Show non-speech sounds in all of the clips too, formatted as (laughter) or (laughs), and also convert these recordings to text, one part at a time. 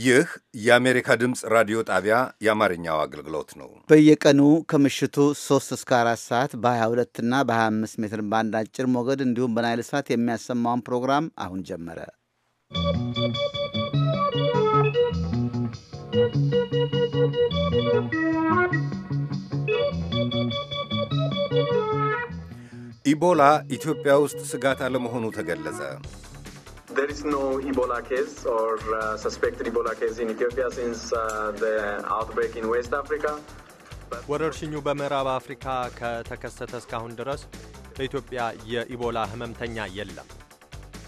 ይህ የአሜሪካ ድምፅ ራዲዮ ጣቢያ የአማርኛው አገልግሎት ነው። በየቀኑ ከምሽቱ 3 እስከ 4 ሰዓት በ22 እና በ25 ሜትር ባንድ አጭር ሞገድ እንዲሁም በናይል ሰዓት የሚያሰማውን ፕሮግራም አሁን ጀመረ። ኢቦላ ኢትዮጵያ ውስጥ ስጋት አለመሆኑ ተገለጸ። There is no Ebola case or uh, suspected Ebola case in Ethiopia since uh, the outbreak in West Africa. ወረርሽኙ በምዕራብ አፍሪካ ከተከሰተ እስካሁን ድረስ በኢትዮጵያ የኢቦላ ህመምተኛ የለም።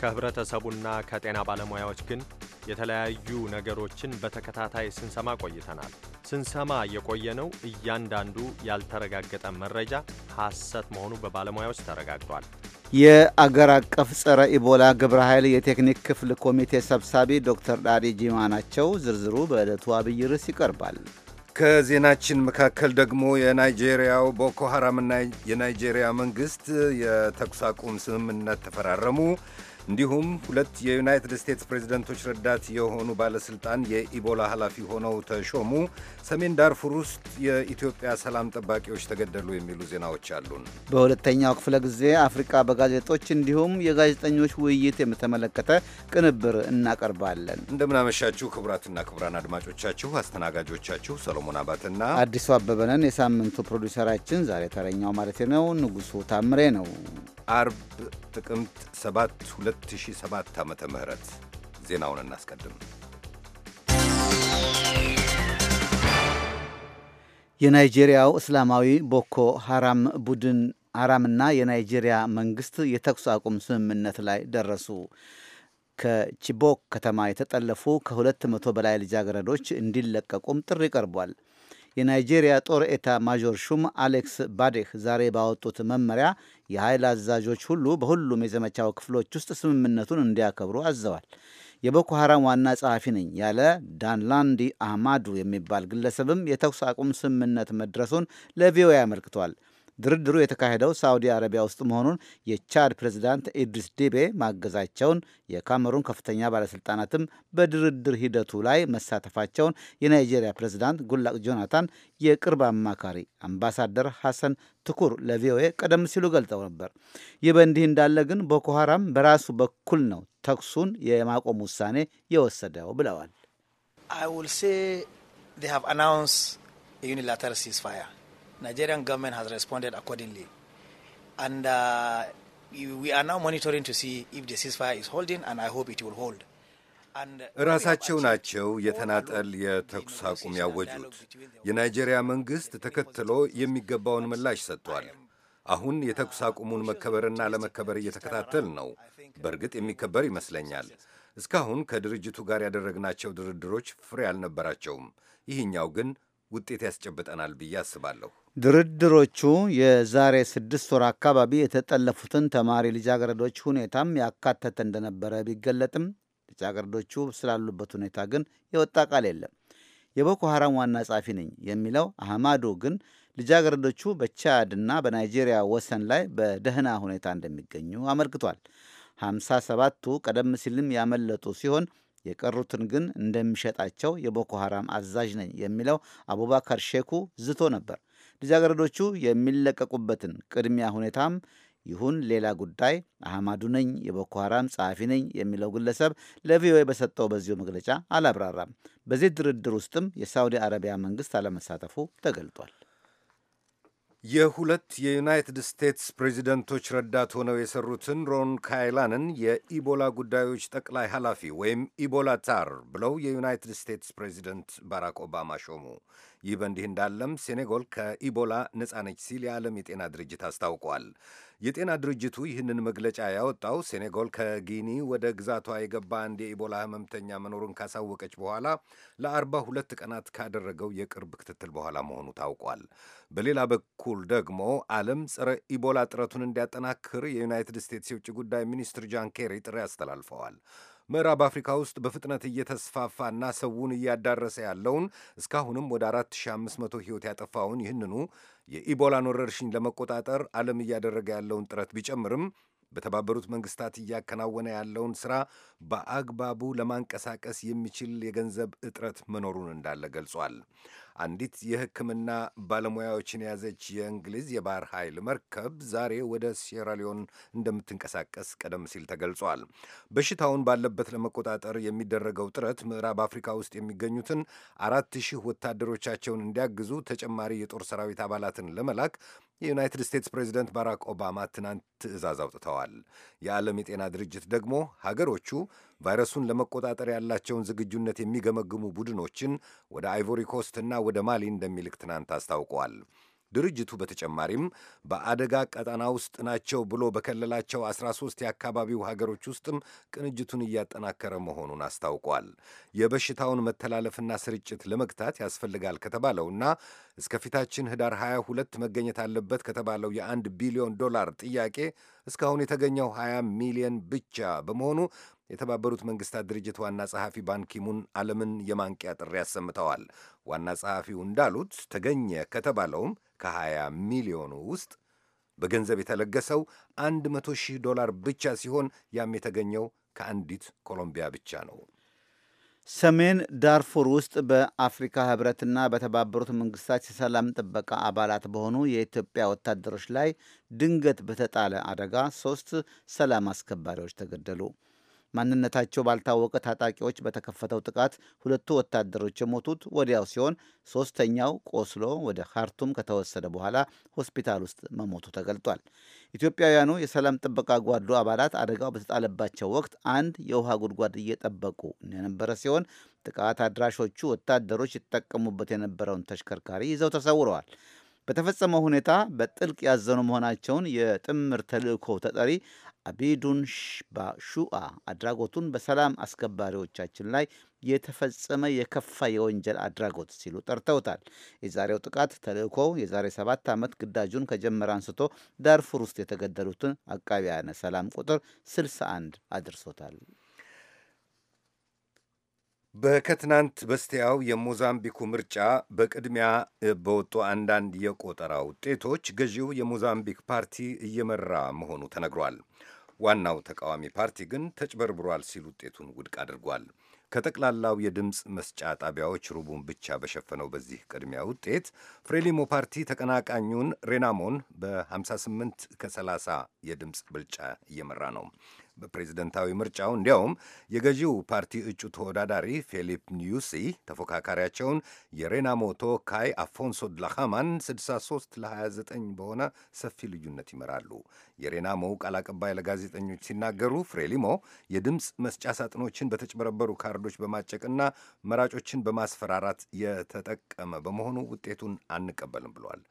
ከህብረተሰቡና ከጤና ባለሙያዎች ግን የተለያዩ ነገሮችን በተከታታይ ስንሰማ ቆይተናል። ስንሰማ የቆየነው እያንዳንዱ ያልተረጋገጠ መረጃ ሐሰት መሆኑ በባለሙያዎች ተረጋግጧል። የአገር አቀፍ ጸረ ኢቦላ ግብረ ኃይል የቴክኒክ ክፍል ኮሚቴ ሰብሳቢ ዶክተር ዳዲ ጂማ ናቸው። ዝርዝሩ በዕለቱ አብይ ርዕስ ይቀርባል። ከዜናችን መካከል ደግሞ የናይጄሪያው ቦኮ ሐራምና የናይጄሪያ መንግሥት የተኩስ አቁም ስምምነት ተፈራረሙ። እንዲሁም ሁለት የዩናይትድ ስቴትስ ፕሬዝደንቶች ረዳት የሆኑ ባለስልጣን የኢቦላ ኃላፊ ሆነው ተሾሙ፣ ሰሜን ዳርፉር ውስጥ የኢትዮጵያ ሰላም ጠባቂዎች ተገደሉ የሚሉ ዜናዎች አሉን። በሁለተኛው ክፍለ ጊዜ አፍሪቃ በጋዜጦች እንዲሁም የጋዜጠኞች ውይይት የተመለከተ ቅንብር እናቀርባለን። እንደምናመሻችሁ ክቡራትና ክቡራን አድማጮቻችሁ አስተናጋጆቻችሁ ሰሎሞን አባትና አዲሱ አበበነን። የሳምንቱ ፕሮዲውሰራችን ዛሬ ተረኛው ማለት ነው ንጉሱ ታምሬ ነው። አርብ ጥቅምት 7 2007 ዓ ም ዜናውን እናስቀድም። የናይጄሪያው እስላማዊ ቦኮ ሐራም ቡድን ሐራምና የናይጄሪያ መንግሥት የተኩስ አቁም ስምምነት ላይ ደረሱ። ከቺቦክ ከተማ የተጠለፉ ከ200 በላይ ልጃገረዶች እንዲለቀቁም ጥሪ ቀርቧል። የናይጄሪያ ጦር ኤታ ማዦር ሹም አሌክስ ባዴህ ዛሬ ባወጡት መመሪያ የኃይል አዛዦች ሁሉ በሁሉም የዘመቻው ክፍሎች ውስጥ ስምምነቱን እንዲያከብሩ አዘዋል። የቦኮ ሐራም ዋና ጸሐፊ ነኝ ያለ ዳንላንዲ አህማዱ የሚባል ግለሰብም የተኩስ አቁም ስምምነት መድረሱን ለቪኦኤ አመልክቷል። ድርድሩ የተካሄደው ሳውዲ አረቢያ ውስጥ መሆኑን የቻድ ፕሬዚዳንት ኢድሪስ ዲቤ ማገዛቸውን፣ የካሜሩን ከፍተኛ ባለስልጣናትም በድርድር ሂደቱ ላይ መሳተፋቸውን የናይጄሪያ ፕሬዚዳንት ጉላቅ ጆናታን የቅርብ አማካሪ አምባሳደር ሐሰን ትኩር ለቪኦኤ ቀደም ሲሉ ገልጠው ነበር። ይህ በእንዲህ እንዳለ ግን ቦኮ ሐራም በራሱ በኩል ነው ተኩሱን የማቆም ውሳኔ የወሰደው ብለዋል። Nigerian government has responded accordingly. And uh, we are now monitoring to see if the ceasefire is holding, and I hope it will hold. Uh, ራሳቸው ናቸው የተናጠል የተኩስ አቁም ያወጁት። የናይጄሪያ መንግሥት ተከትሎ የሚገባውን ምላሽ ሰጥቷል። አሁን uh, የተኩስ አቁሙን መከበርና ለመከበር እየተከታተል ነው። uh, በእርግጥ የሚከበር ይመስለኛል። እስካሁን ከድርጅቱ ጋር ያደረግናቸው ድርድሮች ፍሬ አልነበራቸውም። ይህኛው ግን ውጤት ያስጨብጠናል ብዬ አስባለሁ። ድርድሮቹ የዛሬ ስድስት ወር አካባቢ የተጠለፉትን ተማሪ ልጃገረዶች ሁኔታም ያካተተ እንደነበረ ቢገለጥም ልጃገረዶቹ ስላሉበት ሁኔታ ግን የወጣ ቃል የለም። የቦኮ ሐራም ዋና ጸሐፊ ነኝ የሚለው አህማዱ ግን ልጃገረዶቹ በቻድና በናይጄሪያ ወሰን ላይ በደህና ሁኔታ እንደሚገኙ አመልክቷል። ሃምሳ ሰባቱ ቀደም ሲልም ያመለጡ ሲሆን የቀሩትን ግን እንደሚሸጣቸው የቦኮ ሐራም አዛዥ ነኝ የሚለው አቡባከር ሼኩ ዝቶ ነበር። ልጃገረዶቹ የሚለቀቁበትን ቅድሚያ ሁኔታም ይሁን ሌላ ጉዳይ አህማዱ ነኝ የቦኮ ሐራም ጸሐፊ ነኝ የሚለው ግለሰብ ለቪኦኤ በሰጠው በዚሁ መግለጫ አላብራራም። በዚህ ድርድር ውስጥም የሳውዲ አረቢያ መንግስት አለመሳተፉ ተገልጧል። የሁለት የዩናይትድ ስቴትስ ፕሬዚደንቶች ረዳት ሆነው የሰሩትን ሮን ካይላንን የኢቦላ ጉዳዮች ጠቅላይ ኃላፊ ወይም ኢቦላ ታር ብለው የዩናይትድ ስቴትስ ፕሬዚደንት ባራክ ኦባማ ሾሙ። ይህ በእንዲህ እንዳለም ሴኔጎል ከኢቦላ ነፃ ነች ሲል የዓለም የጤና ድርጅት አስታውቋል። የጤና ድርጅቱ ይህንን መግለጫ ያወጣው ሴኔጎል ከጊኒ ወደ ግዛቷ የገባ አንድ የኢቦላ ህመምተኛ መኖሩን ካሳወቀች በኋላ ለአርባ ሁለት ቀናት ካደረገው የቅርብ ክትትል በኋላ መሆኑ ታውቋል። በሌላ በኩል ደግሞ ዓለም ጸረ ኢቦላ ጥረቱን እንዲያጠናክር የዩናይትድ ስቴትስ የውጭ ጉዳይ ሚኒስትር ጃን ኬሪ ጥሪ አስተላልፈዋል። ምዕራብ አፍሪካ ውስጥ በፍጥነት እየተስፋፋና ሰውን እያዳረሰ ያለውን እስካሁንም ወደ 4500 ሕይወት ያጠፋውን ይህንኑ የኢቦላን ወረርሽኝ ለመቆጣጠር ዓለም እያደረገ ያለውን ጥረት ቢጨምርም በተባበሩት መንግስታት እያከናወነ ያለውን ስራ በአግባቡ ለማንቀሳቀስ የሚችል የገንዘብ እጥረት መኖሩን እንዳለ ገልጿል። አንዲት የሕክምና ባለሙያዎችን የያዘች የእንግሊዝ የባህር ኃይል መርከብ ዛሬ ወደ ሴራሊዮን እንደምትንቀሳቀስ ቀደም ሲል ተገልጿል። በሽታውን ባለበት ለመቆጣጠር የሚደረገው ጥረት ምዕራብ አፍሪካ ውስጥ የሚገኙትን አራት ሺህ ወታደሮቻቸውን እንዲያግዙ ተጨማሪ የጦር ሰራዊት አባላትን ለመላክ የዩናይትድ ስቴትስ ፕሬዚደንት ባራክ ኦባማ ትናንት ትዕዛዝ አውጥተዋል። የዓለም የጤና ድርጅት ደግሞ ሀገሮቹ ቫይረሱን ለመቆጣጠር ያላቸውን ዝግጁነት የሚገመግሙ ቡድኖችን ወደ አይቮሪ ኮስት እና ወደ ማሊ እንደሚልክ ትናንት አስታውቀዋል። ድርጅቱ በተጨማሪም በአደጋ ቀጠና ውስጥ ናቸው ብሎ በከለላቸው 13 የአካባቢው ሀገሮች ውስጥም ቅንጅቱን እያጠናከረ መሆኑን አስታውቋል። የበሽታውን መተላለፍና ስርጭት ለመግታት ያስፈልጋል ከተባለውና እስከፊታችን ህዳር 22 መገኘት አለበት ከተባለው የአንድ ቢሊዮን ዶላር ጥያቄ እስካሁን የተገኘው 20 ሚሊዮን ብቻ በመሆኑ የተባበሩት መንግስታት ድርጅት ዋና ጸሐፊ ባንኪሙን ዓለምን የማንቂያ ጥሪ አሰምተዋል። ዋና ጸሐፊው እንዳሉት ተገኘ ከተባለውም ከ20 ሚሊዮኑ ውስጥ በገንዘብ የተለገሰው 100 ሺህ ዶላር ብቻ ሲሆን ያም የተገኘው ከአንዲት ኮሎምቢያ ብቻ ነው። ሰሜን ዳርፉር ውስጥ በአፍሪካ ህብረትና በተባበሩት መንግስታት የሰላም ጥበቃ አባላት በሆኑ የኢትዮጵያ ወታደሮች ላይ ድንገት በተጣለ አደጋ ሶስት ሰላም አስከባሪዎች ተገደሉ። ማንነታቸው ባልታወቀ ታጣቂዎች በተከፈተው ጥቃት ሁለቱ ወታደሮች የሞቱት ወዲያው ሲሆን ሶስተኛው ቆስሎ ወደ ካርቱም ከተወሰደ በኋላ ሆስፒታል ውስጥ መሞቱ ተገልጧል። ኢትዮጵያውያኑ የሰላም ጥበቃ ጓዱ አባላት አደጋው በተጣለባቸው ወቅት አንድ የውሃ ጉድጓድ እየጠበቁ የነበረ ሲሆን ጥቃት አድራሾቹ ወታደሮች ይጠቀሙበት የነበረውን ተሽከርካሪ ይዘው ተሰውረዋል። በተፈጸመው ሁኔታ በጥልቅ ያዘኑ መሆናቸውን የጥምር ተልእኮ ተጠሪ አቢዱን ባሹአ አድራጎቱን በሰላም አስከባሪዎቻችን ላይ የተፈጸመ የከፋ የወንጀል አድራጎት ሲሉ ጠርተውታል። የዛሬው ጥቃት ተልእኮ የዛሬ ሰባት ዓመት ግዳጁን ከጀመረ አንስቶ ዳርፉር ውስጥ የተገደሉትን አቃቢያነ ሰላም ቁጥር 61 አድርሶታል። በከትናንት በስቲያው የሞዛምቢኩ ምርጫ በቅድሚያ በወጡ አንዳንድ የቆጠራ ውጤቶች ገዢው የሞዛምቢክ ፓርቲ እየመራ መሆኑ ተነግሯል። ዋናው ተቃዋሚ ፓርቲ ግን ተጭበርብሯል ሲል ውጤቱን ውድቅ አድርጓል። ከጠቅላላው የድምፅ መስጫ ጣቢያዎች ሩቡን ብቻ በሸፈነው በዚህ ቅድሚያ ውጤት ፍሬሊሞ ፓርቲ ተቀናቃኙን ሬናሞን በ58 ከ30 የድምፅ ብልጫ እየመራ ነው። በፕሬዝደንታዊ ምርጫው እንዲያውም የገዢው ፓርቲ እጩ ተወዳዳሪ ፊሊፕ ኒዩሲ ተፎካካሪያቸውን የሬናሞ ተወካይ አፎንሶ ድላሃማን 63 ለ29 በሆነ ሰፊ ልዩነት ይመራሉ። የሬናሞው ቃል አቀባይ ለጋዜጠኞች ሲናገሩ ፍሬሊሞ የድምፅ መስጫ ሳጥኖችን በተጭበረበሩ ካርዶች በማጨቅና መራጮችን በማስፈራራት የተጠቀመ በመሆኑ ውጤቱን አንቀበልም ብሏል።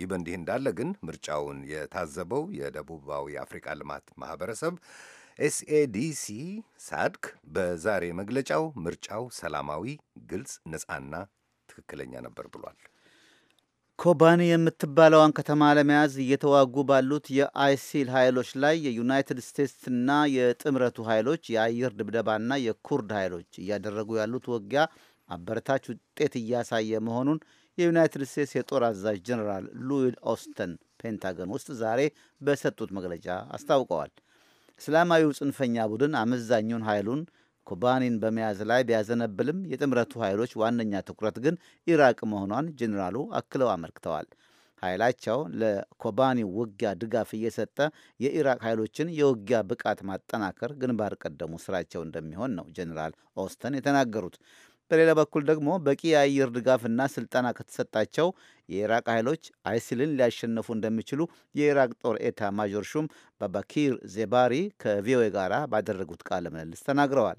ይህ በእንዲህ እንዳለ ግን ምርጫውን የታዘበው የደቡባዊ አፍሪቃ ልማት ማህበረሰብ ኤስኤዲሲ ሳድክ በዛሬ መግለጫው ምርጫው ሰላማዊ፣ ግልጽ፣ ነጻና ትክክለኛ ነበር ብሏል። ኮባኒ የምትባለዋን ከተማ ለመያዝ እየተዋጉ ባሉት የአይሲል ኃይሎች ላይ የዩናይትድ ስቴትስና የጥምረቱ ኃይሎች የአየር ድብደባና የኩርድ ኃይሎች እያደረጉ ያሉት ውጊያ አበረታች ውጤት እያሳየ መሆኑን የዩናይትድ ስቴትስ የጦር አዛዥ ጀኔራል ሉዊድ ኦስተን ፔንታገን ውስጥ ዛሬ በሰጡት መግለጫ አስታውቀዋል። እስላማዊው ጽንፈኛ ቡድን አመዛኙን ኃይሉን ኮባኒን በመያዝ ላይ ቢያዘነብልም የጥምረቱ ኃይሎች ዋነኛ ትኩረት ግን ኢራቅ መሆኗን ጄኔራሉ አክለው አመልክተዋል። ኃይላቸው ለኮባኒ ውጊያ ድጋፍ እየሰጠ የኢራቅ ኃይሎችን የውጊያ ብቃት ማጠናከር ግንባር ቀደሙ ስራቸው እንደሚሆን ነው ጀኔራል ኦስተን የተናገሩት። በሌላ በኩል ደግሞ በቂ የአየር ድጋፍና ስልጠና ከተሰጣቸው የኢራቅ ኃይሎች አይሲልን ሊያሸነፉ እንደሚችሉ የኢራቅ ጦር ኤታ ማጆር ሹም በባኪር ዜባሪ ከቪኦኤ ጋር ባደረጉት ቃለ ምልልስ ተናግረዋል።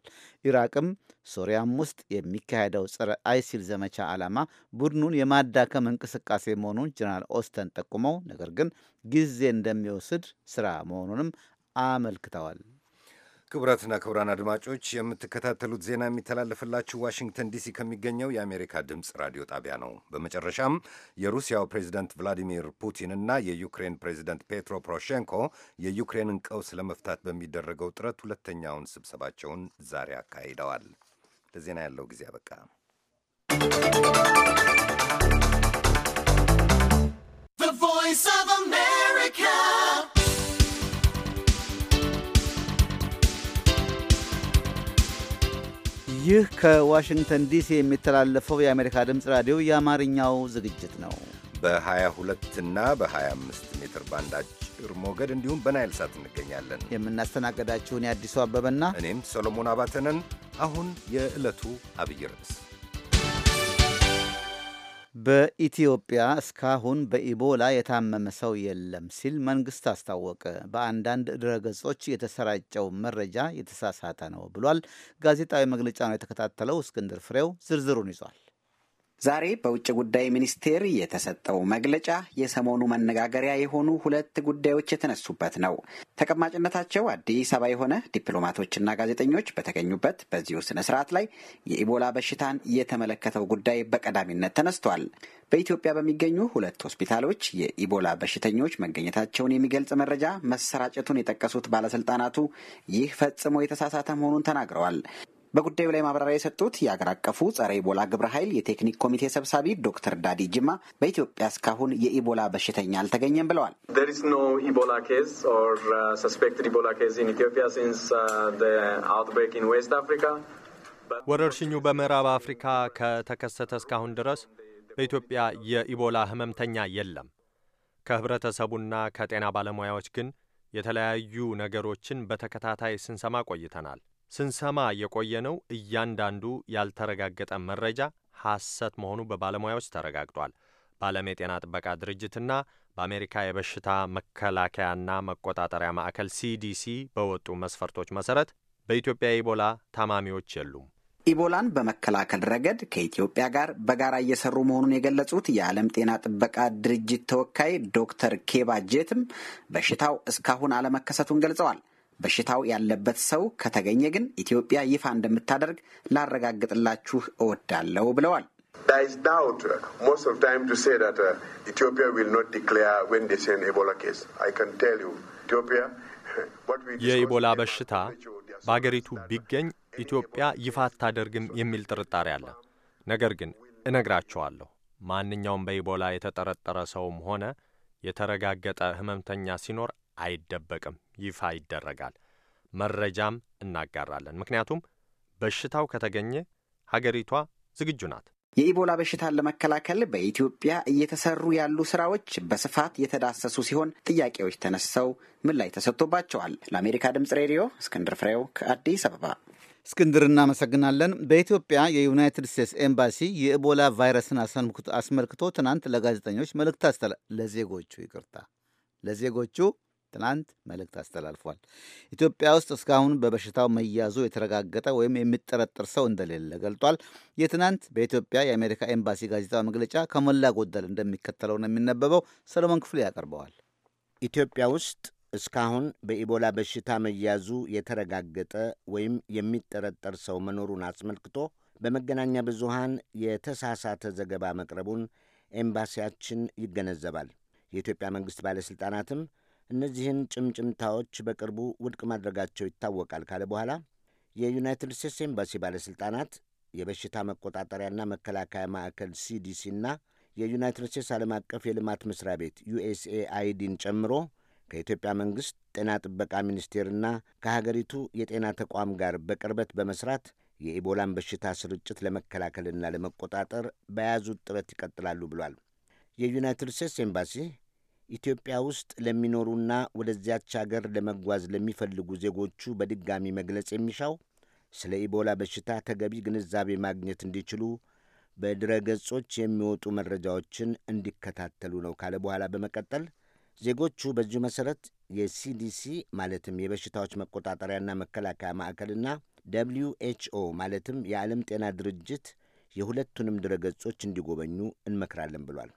ኢራቅም ሶሪያም ውስጥ የሚካሄደው ጸረ አይሲል ዘመቻ ዓላማ ቡድኑን የማዳከም እንቅስቃሴ መሆኑን ጀነራል ኦስተን ጠቁመው፣ ነገር ግን ጊዜ እንደሚወስድ ስራ መሆኑንም አመልክተዋል። ክቡራትና ክቡራን አድማጮች የምትከታተሉት ዜና የሚተላለፍላችሁ ዋሽንግተን ዲሲ ከሚገኘው የአሜሪካ ድምፅ ራዲዮ ጣቢያ ነው። በመጨረሻም የሩሲያው ፕሬዚደንት ቭላዲሚር እና የዩክሬን ፕሬዚደንት ፔትሮ ፖሮሼንኮ የዩክሬንን ቀውስ ለመፍታት በሚደረገው ጥረት ሁለተኛውን ስብሰባቸውን ዛሬ አካሂደዋል። ለዜና ያለው ጊዜ አበቃ። ቮይስ ኦፍ አሜሪካ ይህ ከዋሽንግተን ዲሲ የሚተላለፈው የአሜሪካ ድምፅ ራዲዮ የአማርኛው ዝግጅት ነው። በ22 እና በ25 ሜትር ባንድ አጭር ሞገድ እንዲሁም በናይል ሳት እንገኛለን። የምናስተናገዳችሁን የአዲሱ አበበና እኔም ሰሎሞን አባተነን። አሁን የዕለቱ አብይ ርዕስ በኢትዮጵያ እስካሁን በኢቦላ የታመመ ሰው የለም ሲል መንግስት አስታወቀ። በአንዳንድ ድረገጾች የተሰራጨው መረጃ የተሳሳተ ነው ብሏል። ጋዜጣዊ መግለጫ ነው የተከታተለው። እስክንድር ፍሬው ዝርዝሩን ይዟል። ዛሬ በውጭ ጉዳይ ሚኒስቴር የተሰጠው መግለጫ የሰሞኑ መነጋገሪያ የሆኑ ሁለት ጉዳዮች የተነሱበት ነው። ተቀማጭነታቸው አዲስ አበባ የሆነ ዲፕሎማቶችና ጋዜጠኞች በተገኙበት በዚሁ ስነ ስርዓት ላይ የኢቦላ በሽታን የተመለከተው ጉዳይ በቀዳሚነት ተነስቷል። በኢትዮጵያ በሚገኙ ሁለት ሆስፒታሎች የኢቦላ በሽተኞች መገኘታቸውን የሚገልጽ መረጃ መሰራጨቱን የጠቀሱት ባለስልጣናቱ ይህ ፈጽሞ የተሳሳተ መሆኑን ተናግረዋል። በጉዳዩ ላይ ማብራሪያ የሰጡት የአገር አቀፉ ጸረ ኢቦላ ግብረ ኃይል የቴክኒክ ኮሚቴ ሰብሳቢ ዶክተር ዳዲ ጅማ በኢትዮጵያ እስካሁን የኢቦላ በሽተኛ አልተገኘም ብለዋል። uh, uh, ወረርሽኙ በምዕራብ አፍሪካ ከተከሰተ እስካሁን ድረስ በኢትዮጵያ የኢቦላ ህመምተኛ የለም። ከህብረተሰቡና ከጤና ባለሙያዎች ግን የተለያዩ ነገሮችን በተከታታይ ስንሰማ ቆይተናል። ስንሰማ የቆየነው እያንዳንዱ ያልተረጋገጠ መረጃ ሐሰት መሆኑ በባለሙያዎች ተረጋግጧል። በዓለም የጤና ጥበቃ ድርጅትና በአሜሪካ የበሽታ መከላከያና መቆጣጠሪያ ማዕከል ሲዲሲ በወጡ መስፈርቶች መሰረት በኢትዮጵያ የኢቦላ ታማሚዎች የሉም። ኢቦላን በመከላከል ረገድ ከኢትዮጵያ ጋር በጋራ እየሰሩ መሆኑን የገለጹት የዓለም ጤና ጥበቃ ድርጅት ተወካይ ዶክተር ኬባ ጄትም በሽታው እስካሁን አለመከሰቱን ገልጸዋል። በሽታው ያለበት ሰው ከተገኘ ግን ኢትዮጵያ ይፋ እንደምታደርግ ላረጋግጥላችሁ እወዳለሁ ብለዋል። uh, (laughs) የኢቦላ በሽታ uh, በአገሪቱ ቢገኝ ኢትዮጵያ ይፋ አታደርግም የሚል ጥርጣሬ አለ። ነገር ግን እነግራቸዋለሁ ማንኛውም በኢቦላ የተጠረጠረ ሰውም ሆነ የተረጋገጠ ሕመምተኛ ሲኖር አይደበቅም፣ ይፋ ይደረጋል። መረጃም እናጋራለን። ምክንያቱም በሽታው ከተገኘ ሀገሪቷ ዝግጁ ናት። የኢቦላ በሽታን ለመከላከል በኢትዮጵያ እየተሰሩ ያሉ ስራዎች በስፋት የተዳሰሱ ሲሆን ጥያቄዎች ተነስተው ምን ላይ ተሰጥቶባቸዋል። ለአሜሪካ ድምጽ ሬዲዮ እስክንድር ፍሬው ከአዲስ አበባ። እስክንድር እናመሰግናለን። በኢትዮጵያ የዩናይትድ ስቴትስ ኤምባሲ የኢቦላ ቫይረስን አስመልክቶ ትናንት ለጋዜጠኞች መልእክት አስተላ ለዜጎቹ ይቅርታ ለዜጎቹ ትናንት መልእክት አስተላልፏል። ኢትዮጵያ ውስጥ እስካሁን በበሽታው መያዙ የተረጋገጠ ወይም የሚጠረጠር ሰው እንደሌለ ገልጧል። የትናንት በኢትዮጵያ የአሜሪካ ኤምባሲ ጋዜጣ መግለጫ ከሞላ ጎደል እንደሚከተለው ነው የሚነበበው። ሰለሞን ክፍሌ ያቀርበዋል። ኢትዮጵያ ውስጥ እስካሁን በኢቦላ በሽታ መያዙ የተረጋገጠ ወይም የሚጠረጠር ሰው መኖሩን አስመልክቶ በመገናኛ ብዙሃን የተሳሳተ ዘገባ መቅረቡን ኤምባሲያችን ይገነዘባል። የኢትዮጵያ መንግሥት ባለሥልጣናትም እነዚህን ጭምጭምታዎች በቅርቡ ውድቅ ማድረጋቸው ይታወቃል ካለ በኋላ የዩናይትድ ስቴትስ ኤምባሲ ባለሥልጣናት የበሽታ መቆጣጠሪያና መከላከያ ማዕከል ሲዲሲና የዩናይትድ ስቴትስ ዓለም አቀፍ የልማት መስሪያ ቤት ዩኤስኤ አይዲን ጨምሮ ከኢትዮጵያ መንግሥት ጤና ጥበቃ ሚኒስቴርና ከሀገሪቱ የጤና ተቋም ጋር በቅርበት በመስራት የኢቦላን በሽታ ስርጭት ለመከላከልና ለመቆጣጠር በያዙት ጥረት ይቀጥላሉ ብሏል። የዩናይትድ ስቴትስ ኤምባሲ ኢትዮጵያ ውስጥ ለሚኖሩና ወደዚያች አገር ለመጓዝ ለሚፈልጉ ዜጎቹ በድጋሚ መግለጽ የሚሻው ስለ ኢቦላ በሽታ ተገቢ ግንዛቤ ማግኘት እንዲችሉ በድረ ገጾች የሚወጡ መረጃዎችን እንዲከታተሉ ነው ካለ በኋላ በመቀጠል ዜጎቹ በዚሁ መሠረት የሲዲሲ ማለትም የበሽታዎች መቆጣጠሪያና መከላከያ ማዕከልና ደብልዩ ኤችኦ ማለትም የዓለም ጤና ድርጅት የሁለቱንም ድረ ገጾች እንዲጎበኙ እንመክራለን ብሏል።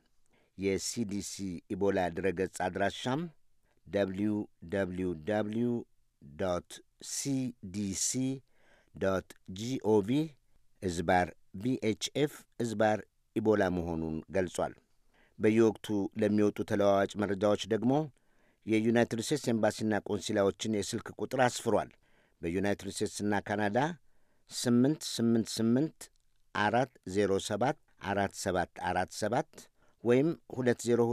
የሲዲሲ ኢቦላ ድረገጽ አድራሻም www ሲዲሲ ጂኦቪ እዝባር ቪኤችኤፍ እዝባር ኢቦላ መሆኑን ገልጿል። በየወቅቱ ለሚወጡ ተለዋዋጭ መረጃዎች ደግሞ የዩናይትድ ስቴትስ ኤምባሲና ቆንሲላዎችን የስልክ ቁጥር አስፍሯል። በዩናይትድ ስቴትስና ካናዳ 888 407 4747 ወይም 202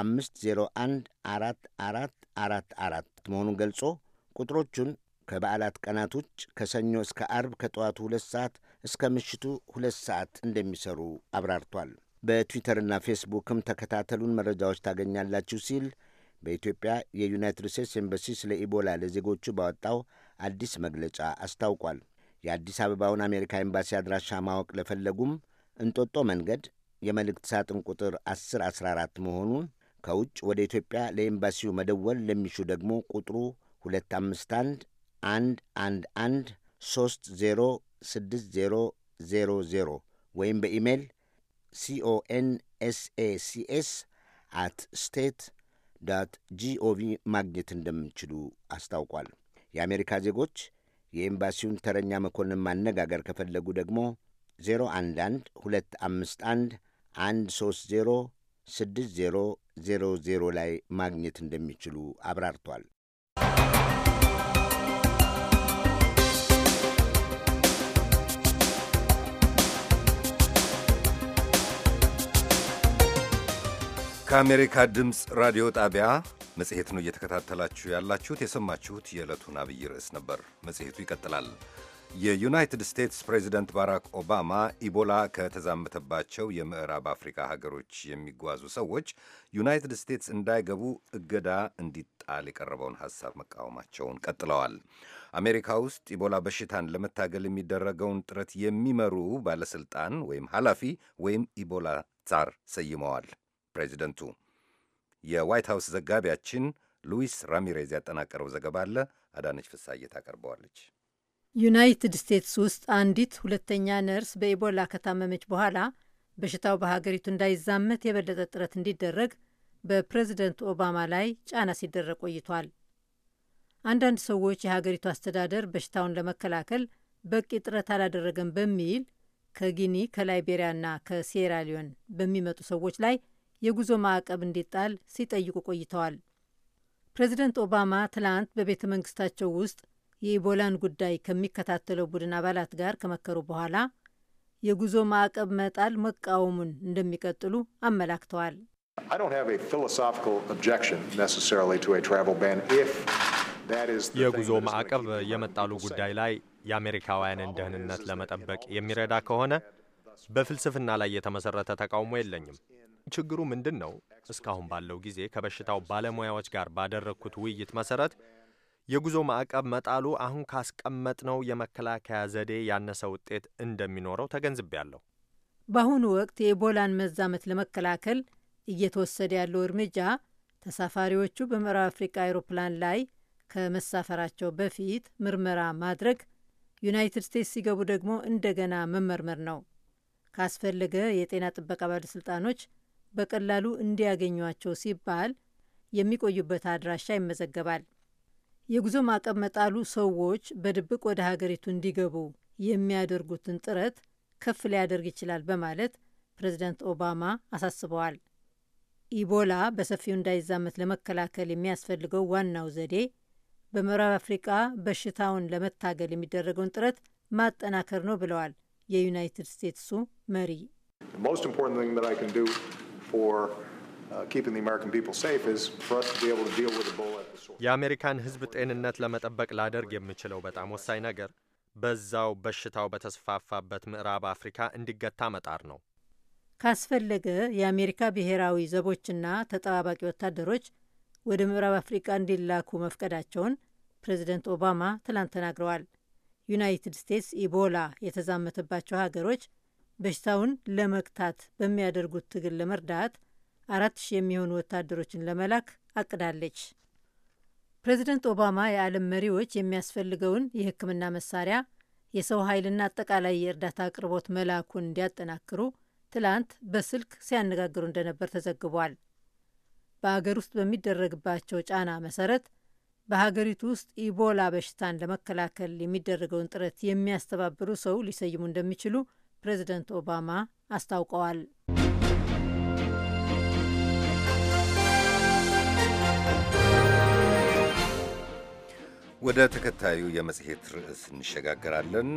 501 4444 መሆኑን ገልጾ ቁጥሮቹን ከበዓላት ቀናት ውጭ ከሰኞ እስከ አርብ ከጠዋቱ ሁለት ሰዓት እስከ ምሽቱ ሁለት ሰዓት እንደሚሰሩ አብራርቷል። በትዊተርና ፌስቡክም ተከታተሉን መረጃዎች ታገኛላችሁ ሲል በኢትዮጵያ የዩናይትድ ስቴትስ ኤምባሲ ስለ ኢቦላ ለዜጎቹ ባወጣው አዲስ መግለጫ አስታውቋል። የአዲስ አበባውን አሜሪካ ኤምባሲ አድራሻ ማወቅ ለፈለጉም እንጦጦ መንገድ የመልእክት ሳጥን ቁጥር 1014 መሆኑን ከውጭ ወደ ኢትዮጵያ ለኤምባሲው መደወል ለሚሹ ደግሞ ቁጥሩ 251 111 306000 ወይም በኢሜይል ሲኦኤን ኤስኤሲኤስ አት ስቴት ዳት ጂኦቪ ማግኘት እንደምችሉ አስታውቋል። የአሜሪካ ዜጎች የኤምባሲውን ተረኛ መኮንን ማነጋገር ከፈለጉ ደግሞ 011 251 1306000 ላይ ማግኘት እንደሚችሉ አብራርቷል። ከአሜሪካ ድምፅ ራዲዮ ጣቢያ መጽሔት ነው እየተከታተላችሁ ያላችሁት። የሰማችሁት የዕለቱን አብይ ርዕስ ነበር። መጽሔቱ ይቀጥላል። የዩናይትድ ስቴትስ ፕሬዚደንት ባራክ ኦባማ ኢቦላ ከተዛመተባቸው የምዕራብ አፍሪካ ሀገሮች የሚጓዙ ሰዎች ዩናይትድ ስቴትስ እንዳይገቡ እገዳ እንዲጣል የቀረበውን ሐሳብ መቃወማቸውን ቀጥለዋል። አሜሪካ ውስጥ ኢቦላ በሽታን ለመታገል የሚደረገውን ጥረት የሚመሩ ባለሥልጣን ወይም ኃላፊ ወይም ኢቦላ ጻር ሰይመዋል ፕሬዚደንቱ። የዋይት ሃውስ ዘጋቢያችን ሉዊስ ራሚሬዝ ያጠናቀረው ዘገባ አለ። አዳነች ፍሳዬ ታቀርበዋለች። ዩናይትድ ስቴትስ ውስጥ አንዲት ሁለተኛ ነርስ በኢቦላ ከታመመች በኋላ በሽታው በሀገሪቱ እንዳይዛመት የበለጠ ጥረት እንዲደረግ በፕሬዝደንት ኦባማ ላይ ጫና ሲደረግ ቆይቷል። አንዳንድ ሰዎች የሀገሪቱ አስተዳደር በሽታውን ለመከላከል በቂ ጥረት አላደረገም በሚል ከጊኒ ከላይቤሪያና ከሴራሊዮን በሚመጡ ሰዎች ላይ የጉዞ ማዕቀብ እንዲጣል ሲጠይቁ ቆይተዋል። ፕሬዝደንት ኦባማ ትላንት በቤተ መንግስታቸው ውስጥ የኢቦላን ጉዳይ ከሚከታተለው ቡድን አባላት ጋር ከመከሩ በኋላ የጉዞ ማዕቀብ መጣል መቃወሙን እንደሚቀጥሉ አመላክተዋል። የጉዞ ማዕቀብ የመጣሉ ጉዳይ ላይ የአሜሪካውያንን ደህንነት ለመጠበቅ የሚረዳ ከሆነ በፍልስፍና ላይ የተመሰረተ ተቃውሞ የለኝም። ችግሩ ምንድን ነው? እስካሁን ባለው ጊዜ ከበሽታው ባለሙያዎች ጋር ባደረግኩት ውይይት መሰረት የጉዞ ማዕቀብ መጣሉ አሁን ካስቀመጥነው የመከላከያ ዘዴ ያነሰ ውጤት እንደሚኖረው ተገንዝቤያለሁ። በአሁኑ ወቅት የኢቦላን መዛመት ለመከላከል እየተወሰደ ያለው እርምጃ ተሳፋሪዎቹ በምዕራብ አፍሪካ አውሮፕላን ላይ ከመሳፈራቸው በፊት ምርመራ ማድረግ፣ ዩናይትድ ስቴትስ ሲገቡ ደግሞ እንደገና መመርመር ነው። ካስፈለገ የጤና ጥበቃ ባለሥልጣኖች በቀላሉ እንዲያገኟቸው ሲባል የሚቆዩበት አድራሻ ይመዘገባል። የጉዞ ማዕቀብ መጣሉ ሰዎች በድብቅ ወደ ሀገሪቱ እንዲገቡ የሚያደርጉትን ጥረት ከፍ ሊያደርግ ይችላል በማለት ፕሬዚደንት ኦባማ አሳስበዋል። ኢቦላ በሰፊው እንዳይዛመት ለመከላከል የሚያስፈልገው ዋናው ዘዴ በምዕራብ አፍሪቃ በሽታውን ለመታገል የሚደረገውን ጥረት ማጠናከር ነው ብለዋል የዩናይትድ ስቴትሱ መሪ። Uh, የአሜሪካን ሕዝብ ጤንነት ለመጠበቅ ላደርግ የምችለው በጣም ወሳኝ ነገር በዛው በሽታው በተስፋፋበት ምዕራብ አፍሪካ እንዲገታ መጣር ነው። ካስፈለገ የአሜሪካ ብሔራዊ ዘቦችና ተጠባባቂ ወታደሮች ወደ ምዕራብ አፍሪቃ እንዲላኩ መፍቀዳቸውን ፕሬዚደንት ኦባማ ትላንት ተናግረዋል። ዩናይትድ ስቴትስ ኢቦላ የተዛመተባቸው ሀገሮች በሽታውን ለመግታት በሚያደርጉት ትግል ለመርዳት አራት ሺህ የሚሆኑ ወታደሮችን ለመላክ አቅዳለች። ፕሬዚደንት ኦባማ የዓለም መሪዎች የሚያስፈልገውን የሕክምና መሳሪያ፣ የሰው ኃይልና አጠቃላይ የእርዳታ አቅርቦት መላኩን እንዲያጠናክሩ ትላንት በስልክ ሲያነጋግሩ እንደነበር ተዘግቧል። በአገር ውስጥ በሚደረግባቸው ጫና መሰረት በሀገሪቱ ውስጥ ኢቦላ በሽታን ለመከላከል የሚደረገውን ጥረት የሚያስተባብሩ ሰው ሊሰይሙ እንደሚችሉ ፕሬዚደንት ኦባማ አስታውቀዋል። ወደ ተከታዩ የመጽሔት ርዕስ እንሸጋገራለን።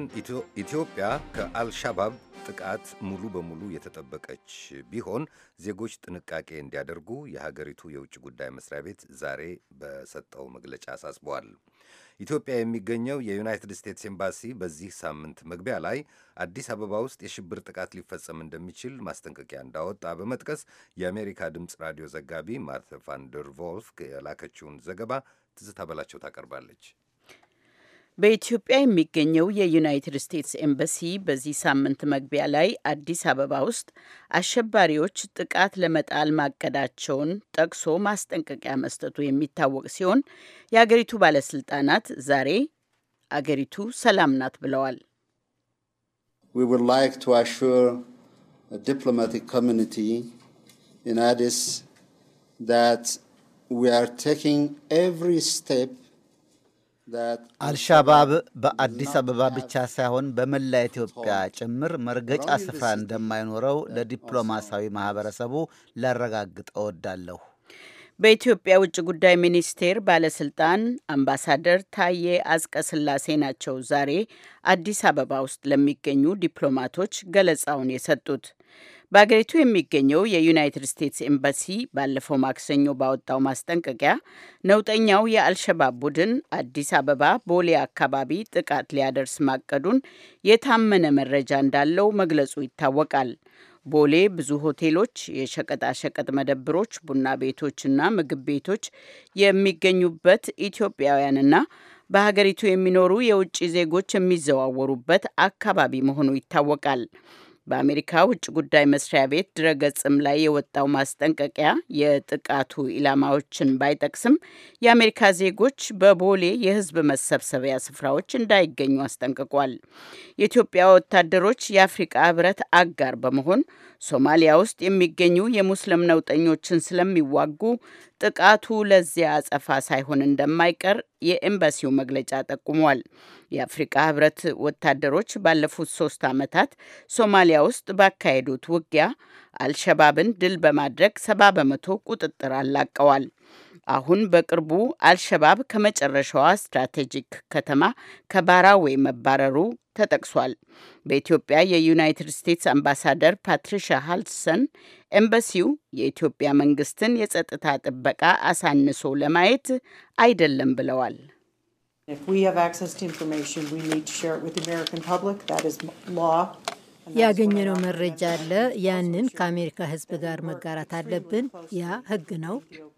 ኢትዮጵያ ከአልሻባብ ጥቃት ሙሉ በሙሉ የተጠበቀች ቢሆን ዜጎች ጥንቃቄ እንዲያደርጉ የሀገሪቱ የውጭ ጉዳይ መስሪያ ቤት ዛሬ በሰጠው መግለጫ አሳስበዋል። ኢትዮጵያ የሚገኘው የዩናይትድ ስቴትስ ኤምባሲ በዚህ ሳምንት መግቢያ ላይ አዲስ አበባ ውስጥ የሽብር ጥቃት ሊፈጸም እንደሚችል ማስጠንቀቂያ እንዳወጣ በመጥቀስ የአሜሪካ ድምፅ ራዲዮ ዘጋቢ ማርተ ቫንደር ቮልፍ የላከችውን ዘገባ ትዝታ በላቸው ታቀርባለች። በኢትዮጵያ የሚገኘው የዩናይትድ ስቴትስ ኤምባሲ በዚህ ሳምንት መግቢያ ላይ አዲስ አበባ ውስጥ አሸባሪዎች ጥቃት ለመጣል ማቀዳቸውን ጠቅሶ ማስጠንቀቂያ መስጠቱ የሚታወቅ ሲሆን የአገሪቱ ባለስልጣናት ዛሬ አገሪቱ ሰላም ናት ብለዋል። ዲፕሎማቲክ ኮሚኒቲ ኢን አዲስ አልሻባብ በአዲስ አበባ ብቻ ሳይሆን በመላ ኢትዮጵያ ጭምር መርገጫ ስፍራ እንደማይኖረው ለዲፕሎማሲያዊ ማህበረሰቡ ላረጋግጥ እወዳለሁ። በኢትዮጵያ ውጭ ጉዳይ ሚኒስቴር ባለስልጣን አምባሳደር ታዬ አጽቀ ሥላሴ ናቸው ዛሬ አዲስ አበባ ውስጥ ለሚገኙ ዲፕሎማቶች ገለጻውን የሰጡት። በአገሪቱ የሚገኘው የዩናይትድ ስቴትስ ኤምባሲ ባለፈው ማክሰኞ ባወጣው ማስጠንቀቂያ ነውጠኛው የአልሸባብ ቡድን አዲስ አበባ ቦሌ አካባቢ ጥቃት ሊያደርስ ማቀዱን የታመነ መረጃ እንዳለው መግለጹ ይታወቃል። ቦሌ ብዙ ሆቴሎች፣ የሸቀጣሸቀጥ መደብሮች፣ ቡና ቤቶችና ምግብ ቤቶች የሚገኙበት ኢትዮጵያውያንና በሀገሪቱ የሚኖሩ የውጭ ዜጎች የሚዘዋወሩበት አካባቢ መሆኑ ይታወቃል። በአሜሪካ ውጭ ጉዳይ መስሪያ ቤት ድረገጽም ላይ የወጣው ማስጠንቀቂያ የጥቃቱ ኢላማዎችን ባይጠቅስም የአሜሪካ ዜጎች በቦሌ የሕዝብ መሰብሰቢያ ስፍራዎች እንዳይገኙ አስጠንቅቋል። የኢትዮጵያ ወታደሮች የአፍሪቃ ሕብረት አጋር በመሆን ሶማሊያ ውስጥ የሚገኙ የሙስሊም ነውጠኞችን ስለሚዋጉ ጥቃቱ ለዚያ አጸፋ ሳይሆን እንደማይቀር የኤምባሲው መግለጫ ጠቁሟል። የአፍሪቃ ህብረት ወታደሮች ባለፉት ሶስት ዓመታት ሶማሊያ ውስጥ ባካሄዱት ውጊያ አልሸባብን ድል በማድረግ ሰባ በመቶ ቁጥጥር አላቀዋል። አሁን በቅርቡ አልሸባብ ከመጨረሻዋ ስትራቴጂክ ከተማ ከባራዌ መባረሩ ተጠቅሷል። በኢትዮጵያ የዩናይትድ ስቴትስ አምባሳደር ፓትሪሻ ሃልሰን ኤምባሲው የኢትዮጵያ መንግስትን የጸጥታ ጥበቃ አሳንሶ ለማየት አይደለም ብለዋል። ያገኘነው መረጃ አለ። ያንን ከአሜሪካ ሕዝብ ጋር መጋራት አለብን። ያ ሕግ ነው።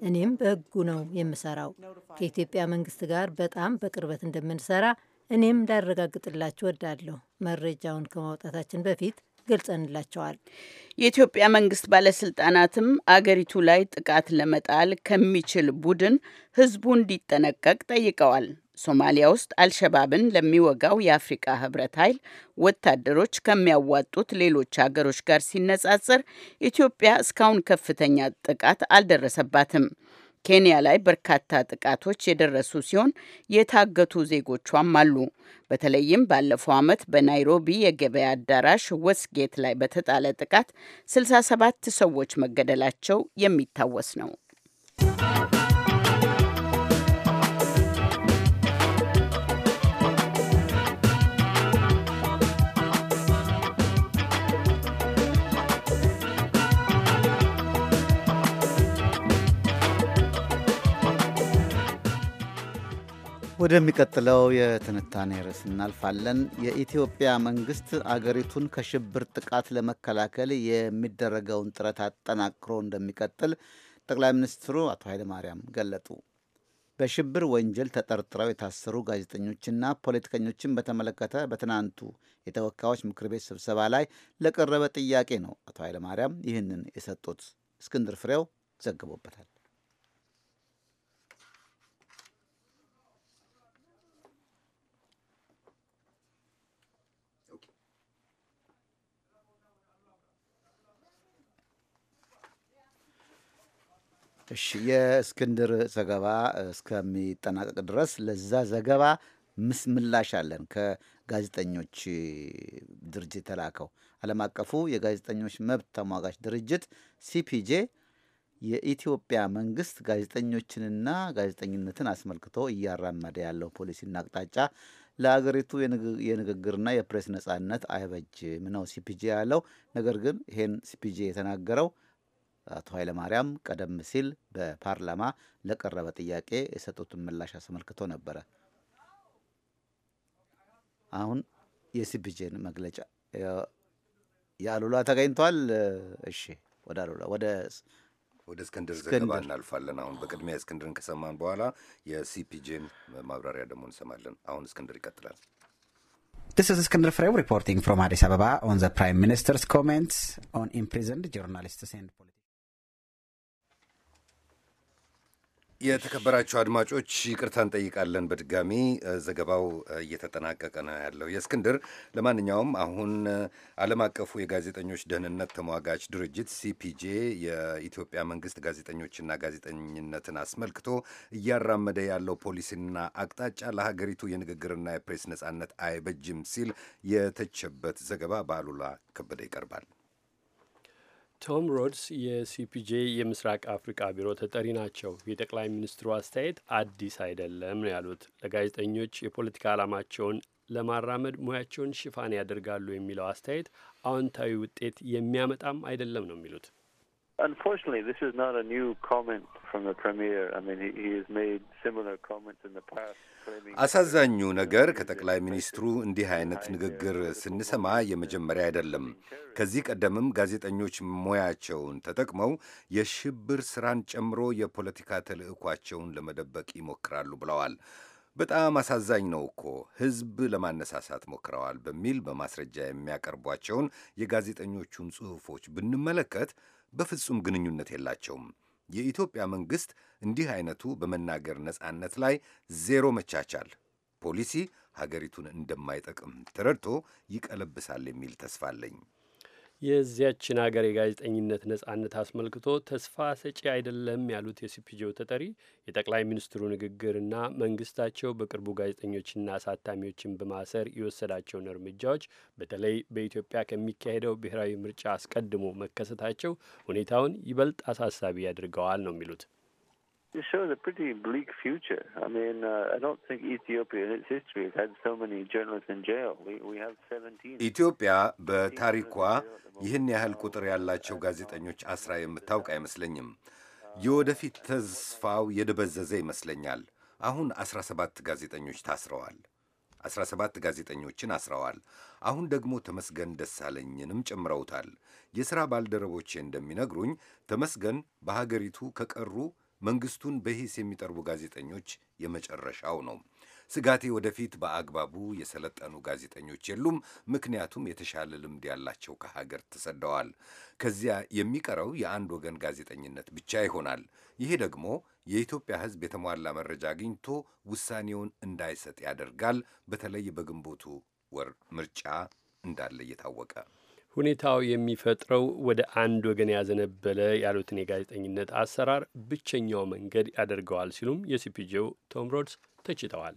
እኔም በሕጉ ነው የምሰራው። ከኢትዮጵያ መንግስት ጋር በጣም በቅርበት እንደምንሰራ እኔም ላረጋግጥላችሁ ወዳለሁ መረጃውን ከማውጣታችን በፊት ገልጸንላቸዋል። የኢትዮጵያ መንግስት ባለስልጣናትም አገሪቱ ላይ ጥቃት ለመጣል ከሚችል ቡድን ህዝቡ እንዲጠነቀቅ ጠይቀዋል። ሶማሊያ ውስጥ አልሸባብን ለሚወጋው የአፍሪቃ ህብረት ኃይል ወታደሮች ከሚያዋጡት ሌሎች ሀገሮች ጋር ሲነጻጸር ኢትዮጵያ እስካሁን ከፍተኛ ጥቃት አልደረሰባትም። ኬንያ ላይ በርካታ ጥቃቶች የደረሱ ሲሆን የታገቱ ዜጎቿም አሉ። በተለይም ባለፈው ዓመት በናይሮቢ የገበያ አዳራሽ ወስጌት ላይ በተጣለ ጥቃት 67 ሰዎች መገደላቸው የሚታወስ ነው። ወደሚቀጥለው የትንታኔ ርዕስ እናልፋለን። የኢትዮጵያ መንግስት አገሪቱን ከሽብር ጥቃት ለመከላከል የሚደረገውን ጥረት አጠናክሮ እንደሚቀጥል ጠቅላይ ሚኒስትሩ አቶ ኃይለማርያም ገለጡ። በሽብር ወንጀል ተጠርጥረው የታሰሩ ጋዜጠኞችና ፖለቲከኞችን በተመለከተ በትናንቱ የተወካዮች ምክር ቤት ስብሰባ ላይ ለቀረበ ጥያቄ ነው አቶ ኃይለማርያም ይህንን የሰጡት። እስክንድር ፍሬው ዘግቦበታል። እሺ የእስክንድር ዘገባ እስከሚጠናቀቅ ድረስ ለዛ ዘገባ ምስ ምላሽ አለን ከጋዜጠኞች ድርጅት የተላከው ዓለም አቀፉ የጋዜጠኞች መብት ተሟጋች ድርጅት ሲፒጄ የኢትዮጵያ መንግስት ጋዜጠኞችንና ጋዜጠኝነትን አስመልክቶ እያራመደ ያለው ፖሊሲና አቅጣጫ ለአገሪቱ የንግግርና የፕሬስ ነጻነት አይበጅም ነው ሲፒጄ ያለው። ነገር ግን ይሄን ሲፒጄ የተናገረው አቶ ኃይለማርያም ቀደም ሲል በፓርላማ ለቀረበ ጥያቄ የሰጡትን ምላሽ አስመልክቶ ነበረ። አሁን የሲፒጄን መግለጫ የአሉላ ተገኝቷል። እሺ፣ ወደ አሉላ ወደ ወደ እስክንድር ዘገባ እናልፋለን። አሁን በቅድሚያ እስክንድርን ከሰማን በኋላ የሲፒጄን ማብራሪያ ደግሞ እንሰማለን። አሁን እስክንድር ይቀጥላል። This is Iskandar Frew reporting from Addis Ababa on the Prime Minister's comments on imprisoned journalists and politicians. የተከበራችሁ አድማጮች ይቅርታ እንጠይቃለን። በድጋሚ ዘገባው እየተጠናቀቀ ነው ያለው የእስክንድር። ለማንኛውም አሁን ዓለም አቀፉ የጋዜጠኞች ደህንነት ተሟጋች ድርጅት ሲፒጄ የኢትዮጵያ መንግስት ጋዜጠኞችና ጋዜጠኝነትን አስመልክቶ እያራመደ ያለው ፖሊሲና አቅጣጫ ለሀገሪቱ የንግግርና የፕሬስ ነጻነት አይበጅም ሲል የተቸበት ዘገባ በአሉላ ከበደ ይቀርባል። ቶም ሮድስ የሲፒጄ የምስራቅ አፍሪቃ ቢሮ ተጠሪ ናቸው። የጠቅላይ ሚኒስትሩ አስተያየት አዲስ አይደለም ነው ያሉት። ለጋዜጠኞች የፖለቲካ ዓላማቸውን ለማራመድ ሙያቸውን ሽፋን ያደርጋሉ የሚለው አስተያየት አዎንታዊ ውጤት የሚያመጣም አይደለም ነው የሚሉት። አሳዛኙ ነገር ከጠቅላይ ሚኒስትሩ እንዲህ አይነት ንግግር ስንሰማ የመጀመሪያ አይደለም። ከዚህ ቀደምም ጋዜጠኞች ሙያቸውን ተጠቅመው የሽብር ስራን ጨምሮ የፖለቲካ ተልዕኳቸውን ለመደበቅ ይሞክራሉ ብለዋል። በጣም አሳዛኝ ነው እኮ ህዝብ ለማነሳሳት ሞክረዋል በሚል በማስረጃ የሚያቀርቧቸውን የጋዜጠኞቹን ጽሑፎች ብንመለከት በፍጹም ግንኙነት የላቸውም። የኢትዮጵያ መንግሥት እንዲህ አይነቱ በመናገር ነጻነት ላይ ዜሮ መቻቻል ፖሊሲ ሀገሪቱን እንደማይጠቅም ተረድቶ ይቀለብሳል የሚል ተስፋ አለኝ። የዚያችን ሀገር የጋዜጠኝነት ነጻነት አስመልክቶ ተስፋ ሰጪ አይደለም ያሉት የሲፒጄው ተጠሪ የጠቅላይ ሚኒስትሩ ንግግርና መንግስታቸው በቅርቡ ጋዜጠኞችና አሳታሚዎችን በማሰር የወሰዳቸውን እርምጃዎች በተለይ በኢትዮጵያ ከሚካሄደው ብሔራዊ ምርጫ አስቀድሞ መከሰታቸው ሁኔታውን ይበልጥ አሳሳቢ ያድርገዋል ነው የሚሉት። It shows a pretty bleak future. I mean, uh, I don't think Ethiopia in its history has had so many journalists in jail. We, we have 17. ኢትዮጵያ በታሪኳ ይህን ያህል ቁጥር ያላቸው ጋዜጠኞች አስራ የምታውቅ አይመስለኝም። የወደፊት ተስፋው የደበዘዘ ይመስለኛል። አሁን 17 ጋዜጠኞች ታስረዋል። 17 ጋዜጠኞችን አስረዋል። አሁን ደግሞ ተመስገን ደሳለኝንም ጨምረውታል። የሥራ ባልደረቦቼ እንደሚነግሩኝ ተመስገን በሀገሪቱ ከቀሩ መንግስቱን በሂስ የሚጠርቡ ጋዜጠኞች የመጨረሻው ነው። ስጋቴ ወደፊት በአግባቡ የሰለጠኑ ጋዜጠኞች የሉም፣ ምክንያቱም የተሻለ ልምድ ያላቸው ከሀገር ተሰደዋል። ከዚያ የሚቀረው የአንድ ወገን ጋዜጠኝነት ብቻ ይሆናል። ይሄ ደግሞ የኢትዮጵያ ሕዝብ የተሟላ መረጃ አግኝቶ ውሳኔውን እንዳይሰጥ ያደርጋል። በተለይ በግንቦቱ ወር ምርጫ እንዳለ እየታወቀ ሁኔታው የሚፈጥረው ወደ አንድ ወገን ያዘነበለ ያሉትን የጋዜጠኝነት አሰራር ብቸኛው መንገድ ያደርገዋል ሲሉም የሲፒጄው ቶም ሮድስ ተችተዋል።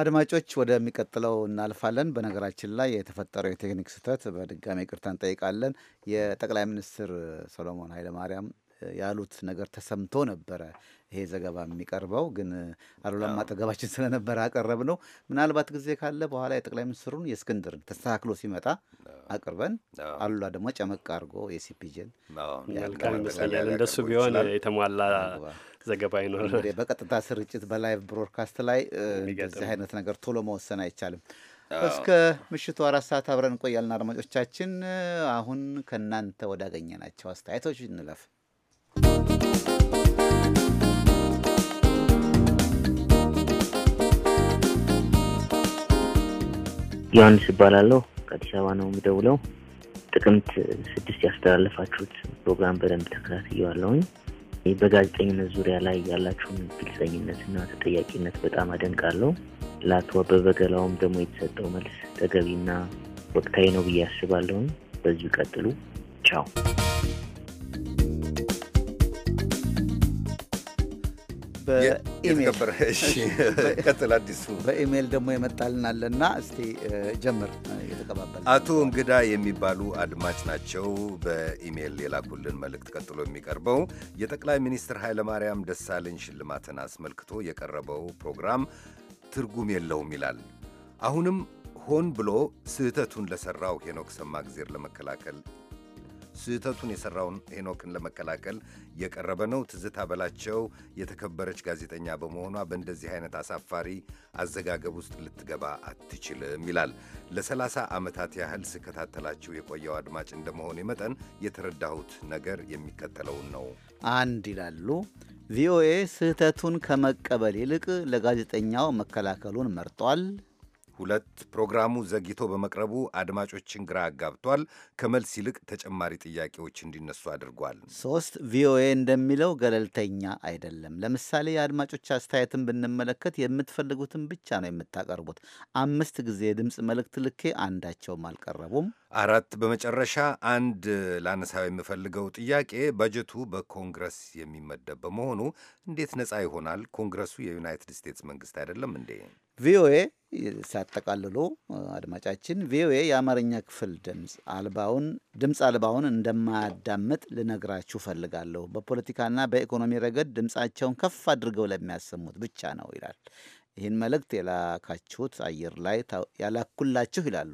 አድማጮች ወደሚቀጥለው እናልፋለን። በነገራችን ላይ የተፈጠረው የቴክኒክ ስህተት በድጋሚ ቅርታን እንጠይቃለን። የጠቅላይ ሚኒስትር ሰሎሞን ኃይለማርያም ያሉት ነገር ተሰምቶ ነበረ። ይሄ ዘገባ የሚቀርበው ግን አሉላም አጠገባችን (laughs) ስለነበረ አቀረብ ነው። ምናልባት ጊዜ ካለ በኋላ የጠቅላይ ሚኒስትሩን የእስክንድርን ተስተካክሎ ሲመጣ አቅርበን አሉላ ደግሞ ጨመቅ አድርጎ የሲፒጄን ይመስለኛል። እንደሱ ቢሆን የተሟላ ዘገባ ይኖር። በቀጥታ ስርጭት በላይቭ ብሮድካስት ላይ (laughs) እንደዚህ አይነት ነገር ቶሎ መወሰን አይቻልም። እስከ ምሽቱ አራት ሰዓት አብረን እንቆያለን አድማጮቻችን። አሁን ከእናንተ ወዳገኘናቸው አስተያየቶች እንለፍ። ዮሐንስ ይባላለሁ። ከአዲስ አበባ ነው የምደውለው። ጥቅምት ስድስት ያስተላለፋችሁት ፕሮግራም በደንብ ተከታትየዋለሁኝ። በጋዜጠኝነት ዙሪያ ላይ ያላችሁን ግልጸኝነትና ተጠያቂነት በጣም አደንቃለሁ። ለአቶ አበበ ገላውም ደግሞ የተሰጠው መልስ ተገቢና ወቅታዊ ነው ብዬ አስባለሁኝ። በዚሁ ቀጥሉ። ቻው። በኢሜል አዲሱ ደግሞ የመጣልናለና እስቲ ጀምር። የተቀባበል አቶ እንግዳ የሚባሉ አድማጭ ናቸው። በኢሜል የላኩልን መልእክት ቀጥሎ የሚቀርበው የጠቅላይ ሚኒስትር ኃይለማርያም ደሳለኝ ሽልማትን አስመልክቶ የቀረበው ፕሮግራም ትርጉም የለውም ይላል። አሁንም ሆን ብሎ ስህተቱን ለሠራው ሄኖክ ሰማግዜር ለመከላከል ስህተቱን የሠራውን ሄኖክን ለመቀላቀል የቀረበ ነው። ትዝታ በላቸው የተከበረች ጋዜጠኛ በመሆኗ በእንደዚህ አይነት አሳፋሪ አዘጋገብ ውስጥ ልትገባ አትችልም ይላል። ለሰላሳ ዓመታት ያህል ስከታተላችሁ የቆየው አድማጭ እንደመሆኔ መጠን የተረዳሁት ነገር የሚከተለውን ነው። አንድ ይላሉ ቪኦኤ ስህተቱን ከመቀበል ይልቅ ለጋዜጠኛው መከላከሉን መርጧል። ሁለት ፕሮግራሙ ዘግይቶ በመቅረቡ አድማጮችን ግራ አጋብቷል። ከመልስ ይልቅ ተጨማሪ ጥያቄዎች እንዲነሱ አድርጓል። ሶስት ቪኦኤ እንደሚለው ገለልተኛ አይደለም። ለምሳሌ የአድማጮች አስተያየትን ብንመለከት የምትፈልጉትን ብቻ ነው የምታቀርቡት። አምስት ጊዜ የድምፅ መልእክት ልኬ አንዳቸውም አልቀረቡም። አራት በመጨረሻ አንድ ላነሳው የምፈልገው ጥያቄ በጀቱ በኮንግረስ የሚመደብ በመሆኑ እንዴት ነፃ ይሆናል? ኮንግረሱ የዩናይትድ ስቴትስ መንግስት አይደለም እንዴ? ቪኦኤ ሲያጠቃልሉ አድማጫችን ቪኦኤ የአማርኛ ክፍል ድምፅ አልባውን ድምፅ አልባውን እንደማያዳምጥ ልነግራችሁ ፈልጋለሁ። በፖለቲካና በኢኮኖሚ ረገድ ድምፃቸውን ከፍ አድርገው ለሚያሰሙት ብቻ ነው ይላል። ይህን መልእክት የላካችሁት አየር ላይ ያላኩላችሁ ይላሉ።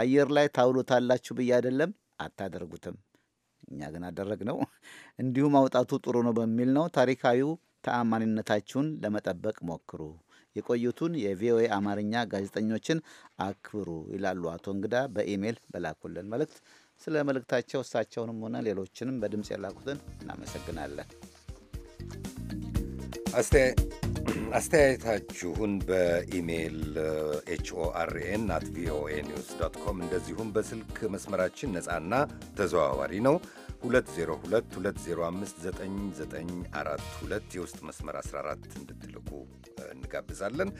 አየር ላይ ታውሉታላችሁ ብዬ አይደለም፣ አታደርጉትም። እኛ ግን አደረግ ነው። እንዲሁም ማውጣቱ ጥሩ ነው በሚል ነው። ታሪካዊው ተአማኒነታችሁን ለመጠበቅ ሞክሩ። የቆዩቱን የቪኦኤ አማርኛ ጋዜጠኞችን አክብሩ ይላሉ አቶ እንግዳ በኢሜይል በላኩልን መልእክት። ስለ መልእክታቸው እሳቸውንም ሆነ ሌሎችንም በድምፅ የላኩትን እናመሰግናለን። አስተያየታችሁን በኢሜይል ኤችኦአርኤን አት ቪኦኤ ኒውስ ዶት ኮም እንደዚሁም በስልክ መስመራችን ነጻና ተዘዋዋሪ ነው 2022059942 የውስጥ መስመር 14 እንድትልኩ እንጋብዛለን።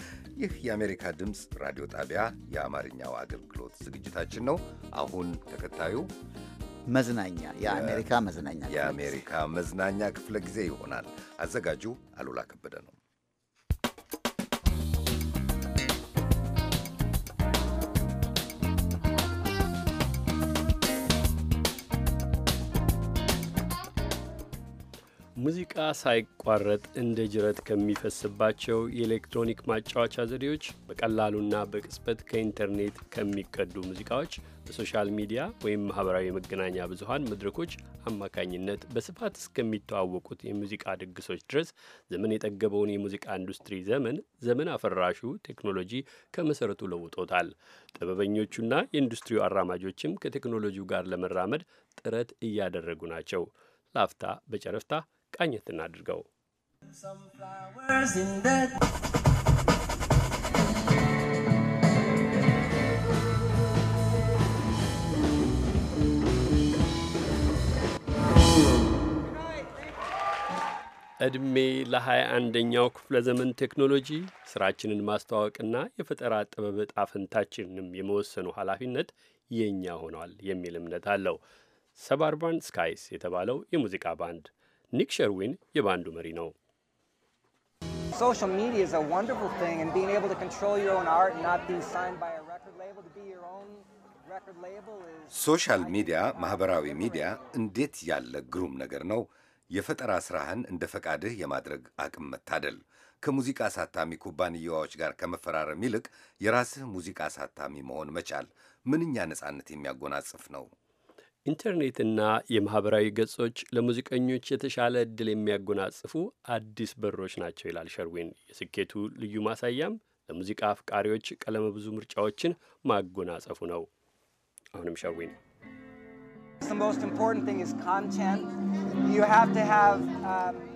ይህ የአሜሪካ ድምፅ ራዲዮ ጣቢያ የአማርኛው አገልግሎት ዝግጅታችን ነው። አሁን ተከታዩ መዝናኛ የአሜሪካ መዝናኛ የአሜሪካ መዝናኛ ክፍለ ጊዜ ይሆናል። አዘጋጁ አሉላ ከበደ ነው። ሙዚቃ ሳይቋረጥ እንደ ጅረት ከሚፈስባቸው የኤሌክትሮኒክ ማጫወቻ ዘዴዎች በቀላሉና በቅጽበት ከኢንተርኔት ከሚቀዱ ሙዚቃዎች በሶሻል ሚዲያ ወይም ማህበራዊ የመገናኛ ብዙሀን መድረኮች አማካኝነት በስፋት እስከሚተዋወቁት የሙዚቃ ድግሶች ድረስ ዘመን የጠገበውን የሙዚቃ ኢንዱስትሪ ዘመን ዘመን አፈራሹ ቴክኖሎጂ ከመሰረቱ ለውጦታል። ጥበበኞቹና የኢንዱስትሪው አራማጆችም ከቴክኖሎጂው ጋር ለመራመድ ጥረት እያደረጉ ናቸው። ላፍታ በጨረፍታ ቃኘት እናድርገው። ዕድሜ ለሀያ አንደኛው ክፍለ ዘመን ቴክኖሎጂ ስራችንን ማስተዋወቅና የፈጠራ ጥበብ ዕጣ ፈንታችንንም የመወሰኑ ኃላፊነት የእኛ ሆኗል የሚል እምነት አለው። ሰባርባን ስካይስ የተባለው የሙዚቃ ባንድ ኒክ ሸርዊን የባንዱ መሪ ነው። ሶሻል ሚዲያ ማኅበራዊ ሚዲያ እንዴት ያለ ግሩም ነገር ነው! የፈጠራ ሥራህን እንደ ፈቃድህ የማድረግ አቅም መታደል። ከሙዚቃ አሳታሚ ኩባንያዎች ጋር ከመፈራረም ይልቅ የራስህ ሙዚቃ አሳታሚ መሆን መቻል ምንኛ ነፃነት የሚያጎናጽፍ ነው። ኢንተርኔትና የማህበራዊ ገጾች ለሙዚቀኞች የተሻለ ዕድል የሚያጎናጽፉ አዲስ በሮች ናቸው ይላል ሸርዊን። የስኬቱ ልዩ ማሳያም ለሙዚቃ አፍቃሪዎች ቀለመ ብዙ ምርጫዎችን ማጎናጸፉ ነው። አሁንም ሸርዊን The most important thing is content. You have to have, um...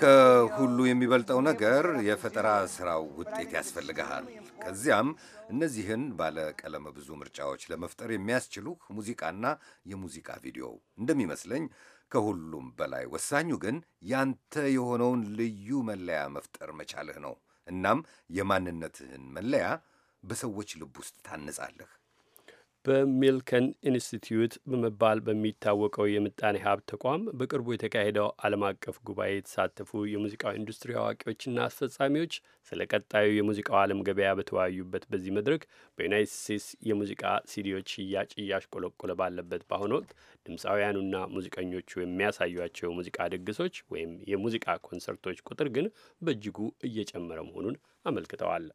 ከሁሉ የሚበልጠው ነገር የፈጠራ ስራው ውጤት ያስፈልግሃል። ከዚያም እነዚህን ባለ ቀለመ ብዙ ምርጫዎች ለመፍጠር የሚያስችሉ ሙዚቃና የሙዚቃ ቪዲዮ እንደሚመስለኝ ከሁሉም በላይ ወሳኙ ግን ያንተ የሆነውን ልዩ መለያ መፍጠር መቻልህ ነው። እናም የማንነትህን መለያ በሰዎች ልብ ውስጥ ታነጻለህ። በሚልከን ኢንስቲትዩት በመባል በሚታወቀው የምጣኔ ሀብት ተቋም በቅርቡ የተካሄደው ዓለም አቀፍ ጉባኤ የተሳተፉ የሙዚቃ ኢንዱስትሪ አዋቂዎችና አስፈጻሚዎች ስለ ቀጣዩ የሙዚቃው ዓለም ገበያ በተወያዩበት በዚህ መድረክ በዩናይትድ ስቴትስ የሙዚቃ ሲዲዎች ሽያጭ እያሽቆለቆለ ባለበት በአሁኑ ወቅት ድምፃውያኑና ሙዚቀኞቹ የሚያሳዩቸው የሙዚቃ ድግሶች ወይም የሙዚቃ ኮንሰርቶች ቁጥር ግን በእጅጉ እየጨመረ መሆኑን አመልክተዋል።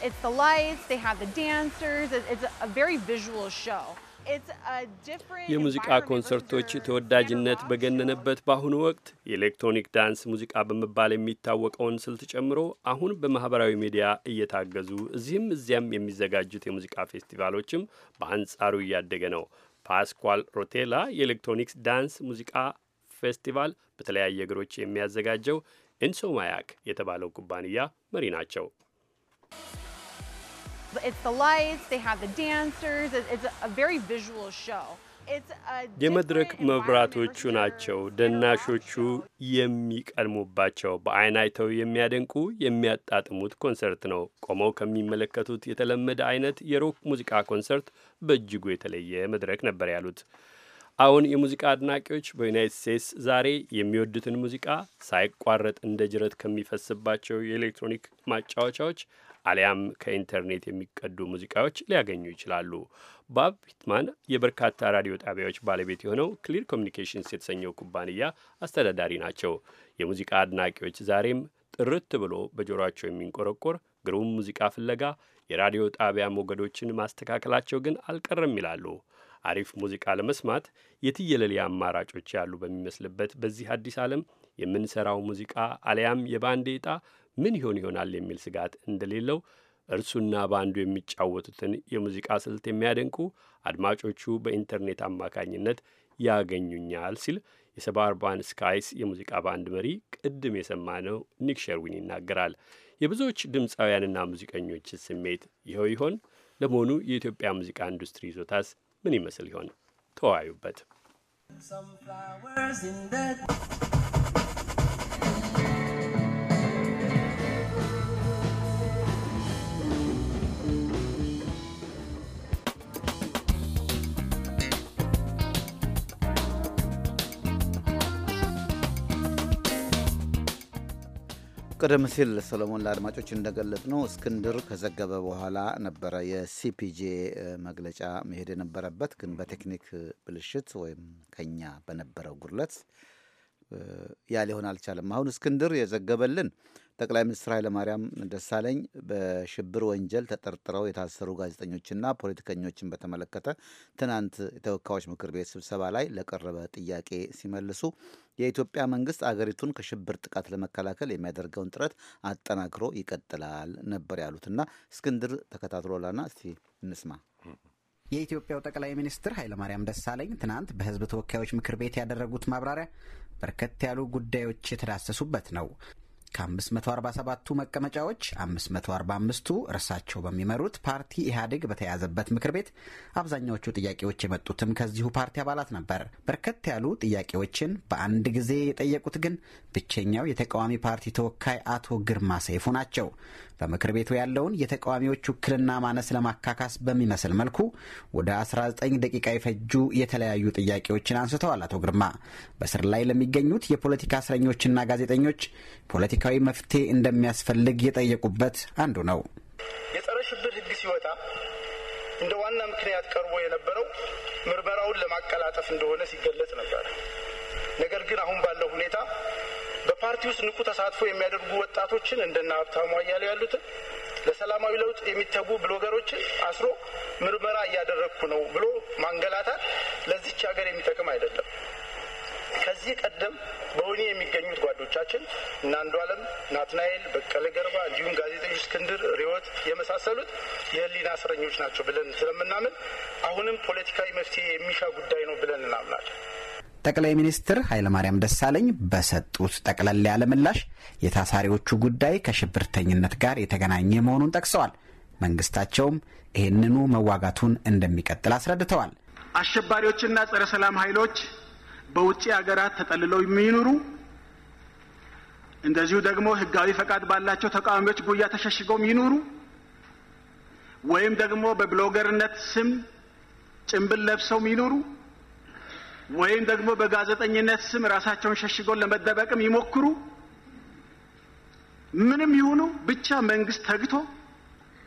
It's the lights, they have the dancers, it's a very visual show. የሙዚቃ ኮንሰርቶች ተወዳጅነት በገነነበት በአሁኑ ወቅት የኤሌክትሮኒክ ዳንስ ሙዚቃ በመባል የሚታወቀውን ስልት ጨምሮ አሁን በማህበራዊ ሚዲያ እየታገዙ እዚህም እዚያም የሚዘጋጁት የሙዚቃ ፌስቲቫሎችም በአንጻሩ እያደገ ነው። ፓስኳል ሮቴላ የኤሌክትሮኒክስ ዳንስ ሙዚቃ ፌስቲቫል በተለያየ አገሮች የሚያዘጋጀው ኢንሶማያክ የተባለው ኩባንያ መሪ ናቸው። የመድረክ መብራቶቹ ናቸው ደናሾቹ የሚቀድሙባቸው በአይን አይተው የሚያደንቁ የሚያጣጥሙት ኮንሰርት ነው። ቆመው ከሚመለከቱት የተለመደ አይነት የሮክ ሙዚቃ ኮንሰርት በእጅጉ የተለየ መድረክ ነበር ያሉት። አሁን የሙዚቃ አድናቂዎች በዩናይት ስቴትስ ዛሬ የሚወዱትን ሙዚቃ ሳይቋረጥ እንደ ጅረት ከሚፈስባቸው የኤሌክትሮኒክ ማጫወቻዎች አሊያም ከኢንተርኔት የሚቀዱ ሙዚቃዎች ሊያገኙ ይችላሉ። ባብ ፒትማን የበርካታ ራዲዮ ጣቢያዎች ባለቤት የሆነው ክሊር ኮሚኒኬሽንስ የተሰኘው ኩባንያ አስተዳዳሪ ናቸው። የሙዚቃ አድናቂዎች ዛሬም ጥርት ብሎ በጆሯቸው የሚንቆረቆር ግሩም ሙዚቃ ፍለጋ የራዲዮ ጣቢያ ሞገዶችን ማስተካከላቸው ግን አልቀረም ይላሉ። አሪፍ ሙዚቃ ለመስማት የትየለሌ አማራጮች ያሉ በሚመስልበት በዚህ አዲስ ዓለም የምንሰራው ሙዚቃ አሊያም የባንዴጣ? ምን ይሆን ይሆናል የሚል ስጋት እንደሌለው እርሱና ባንዱ የሚጫወቱትን የሙዚቃ ስልት የሚያደንቁ አድማጮቹ በኢንተርኔት አማካኝነት ያገኙኛል ሲል የሰባርባን ስካይስ የሙዚቃ ባንድ መሪ ቅድም የሰማነው ኒክ ሸርዊን ይናገራል። የብዙዎች ድምፃውያንና ሙዚቀኞች ስሜት ይኸው ይሆን? ለመሆኑ የኢትዮጵያ ሙዚቃ ኢንዱስትሪ ይዞታስ ምን ይመስል ይሆን? ተወያዩበት። ቀደም ሲል ሰለሞን ለአድማጮች እንደገለጥ ነው እስክንድር ከዘገበ በኋላ ነበረ የሲፒጄ መግለጫ መሄድ የነበረበት ግን በቴክኒክ ብልሽት ወይም ከኛ በነበረው ጉድለት ያ ሊሆን አልቻለም። አሁን እስክንድር የዘገበልን ጠቅላይ ሚኒስትር ኃይለማርያም ደሳለኝ በሽብር ወንጀል ተጠርጥረው የታሰሩ ጋዜጠኞችና ፖለቲከኞችን በተመለከተ ትናንት የተወካዮች ምክር ቤት ስብሰባ ላይ ለቀረበ ጥያቄ ሲመልሱ የኢትዮጵያ መንግስት አገሪቱን ከሽብር ጥቃት ለመከላከል የሚያደርገውን ጥረት አጠናክሮ ይቀጥላል ነበር ያሉትና እስክንድር ተከታትሎላና እስቲ እንስማ። የኢትዮጵያው ጠቅላይ ሚኒስትር ኃይለማርያም ደሳለኝ ትናንት በህዝብ ተወካዮች ምክር ቤት ያደረጉት ማብራሪያ በርከት ያሉ ጉዳዮች የተዳሰሱበት ነው። ከ547ቱ መቀመጫዎች 545ቱ እርሳቸው በሚመሩት ፓርቲ ኢህአዴግ በተያዘበት ምክር ቤት አብዛኛዎቹ ጥያቄዎች የመጡትም ከዚሁ ፓርቲ አባላት ነበር። በርከት ያሉ ጥያቄዎችን በአንድ ጊዜ የጠየቁት ግን ብቸኛው የተቃዋሚ ፓርቲ ተወካይ አቶ ግርማ ሰይፉ ናቸው። በምክር ቤቱ ያለውን የተቃዋሚዎች ውክልና ማነስ ለማካካስ በሚመስል መልኩ ወደ 19 ደቂቃ የፈጁ የተለያዩ ጥያቄዎችን አንስተዋል አቶ ግርማ። በስር ላይ ለሚገኙት የፖለቲካ እስረኞችና ጋዜጠኞች ፖለቲካዊ መፍትሄ እንደሚያስፈልግ የጠየቁበት አንዱ ነው። የጸረ ሽብር ሲወጣ እንደ ዋና ምክንያት ቀርቦ የነበረው ምርመራውን ለማቀላጠፍ እንደሆነ ሲገለጽ ነበር። ነገር ግን አሁን ባለው ሁኔታ በፓርቲ ውስጥ ንቁ ተሳትፎ የሚያደርጉ ወጣቶችን እንደና ሀብታሙ አያሌው ያሉትን ለሰላማዊ ለውጥ የሚተጉ ብሎገሮችን አስሮ ምርመራ እያደረግኩ ነው ብሎ ማንገላታት ለዚች ሀገር የሚጠቅም አይደለም። ከዚህ ቀደም በወህኒ የሚገኙት ጓዶቻችን እነ አለም፣ ናትናኤል፣ በቀለ ገርባ እንዲሁም ጋዜጠኞች እስክንድር ሪወት የመሳሰሉት የህሊና እስረኞች ናቸው ብለን ስለምናምን አሁንም ፖለቲካዊ መፍትሄ የሚሻ ጉዳይ ነው ብለን እናምናለን። ጠቅላይ ሚኒስትር ኃይለማርያም ደሳለኝ በሰጡት ጠቅለል ያለ ምላሽ የታሳሪዎቹ ጉዳይ ከሽብርተኝነት ጋር የተገናኘ መሆኑን ጠቅሰዋል። መንግስታቸውም ይህንኑ መዋጋቱን እንደሚቀጥል አስረድተዋል። አሸባሪዎችና ጸረ ሰላም ኃይሎች በውጭ ሀገራት ተጠልለው የሚኖሩ እንደዚሁ ደግሞ ህጋዊ ፈቃድ ባላቸው ተቃዋሚዎች ጉያ ተሸሽገውም ይኑሩ ወይም ደግሞ በብሎገርነት ስም ጭንብል ለብሰው ይኑሩ ወይም ደግሞ በጋዜጠኝነት ስም ራሳቸውን ሸሽገው ለመደበቅም ይሞክሩ፣ ምንም ይሁኑ ብቻ መንግስት ተግቶ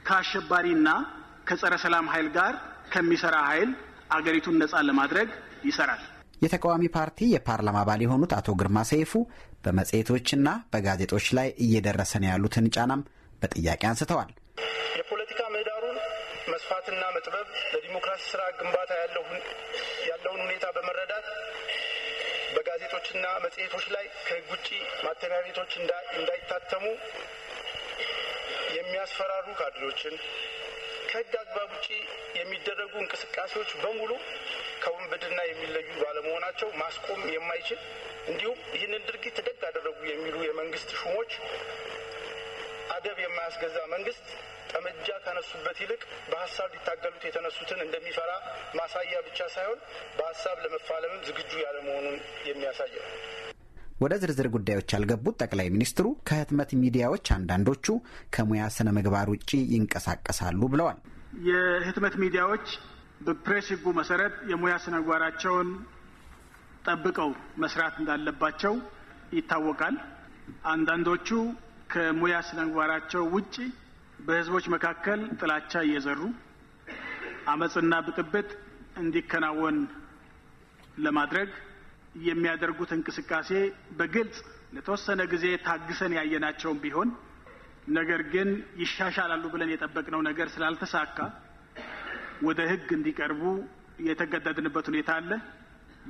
ከአሸባሪና ከጸረ ሰላም ኃይል ጋር ከሚሰራ ኃይል አገሪቱን ነጻ ለማድረግ ይሰራል። የተቃዋሚ ፓርቲ የፓርላማ አባል የሆኑት አቶ ግርማ ሰይፉ በመጽሔቶችና በጋዜጦች ላይ እየደረሰ ነው ያሉትን ጫናም በጥያቄ አንስተዋል። የፖለቲካ መስፋትና መጥበብ ለዲሞክራሲ ስራ ግንባታ ያለውን ሁኔታ በመረዳት በጋዜጦችና መጽሔቶች ላይ ከህግ ውጭ ማተሚያ ቤቶች እንዳይታተሙ የሚያስፈራሩ ካድሬዎችን ከህግ አግባብ ውጭ የሚደረጉ እንቅስቃሴዎች በሙሉ ከውንብድና የሚለዩ ባለመሆናቸው ማስቆም የማይችል እንዲሁም ይህንን ድርጊት ደግ አደረጉ የሚሉ የመንግስት ሹሞች አደብ የማያስገዛ መንግስት ጠመንጃ ከነሱበት ይልቅ በሀሳብ ሊታገሉት የተነሱትን እንደሚፈራ ማሳያ ብቻ ሳይሆን በሀሳብ ለመፋለምም ዝግጁ ያለመሆኑን የሚያሳይ ነው። ወደ ዝርዝር ጉዳዮች ያልገቡት ጠቅላይ ሚኒስትሩ ከህትመት ሚዲያዎች አንዳንዶቹ ከሙያ ስነ ምግባር ውጭ ይንቀሳቀሳሉ ብለዋል። የህትመት ሚዲያዎች በፕሬስ ህጉ መሰረት የሙያ ስነ ምግባራቸውን ጠብቀው መስራት እንዳለባቸው ይታወቃል። አንዳንዶቹ ከሙያ ስነ ምግባራቸው ውጭ በህዝቦች መካከል ጥላቻ እየዘሩ አመፅና ብጥብጥ እንዲከናወን ለማድረግ የሚያደርጉት እንቅስቃሴ በግልጽ ለተወሰነ ጊዜ ታግሰን ያየናቸውም ቢሆን ነገር ግን ይሻሻላሉ ብለን የጠበቅነው ነገር ስላልተሳካ ወደ ህግ እንዲቀርቡ የተገደድንበት ሁኔታ አለ።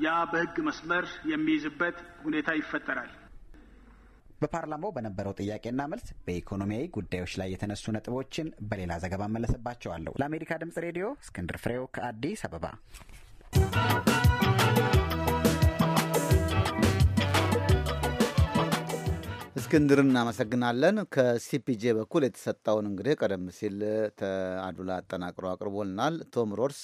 ያ በህግ መስመር የሚይዝበት ሁኔታ ይፈጠራል። በፓርላማው በነበረው ጥያቄና መልስ በኢኮኖሚያዊ ጉዳዮች ላይ የተነሱ ነጥቦችን በሌላ ዘገባ መለስባቸዋለሁ። ለአሜሪካ ድምጽ ሬዲዮ እስክንድር ፍሬው ከአዲስ አበባ እስክንድር እናመሰግናለን። ከሲፒጄ በኩል የተሰጠውን እንግዲህ ቀደም ሲል አዱላ አጠናቅሮ አቅርቦልናል። ቶም ሮድስ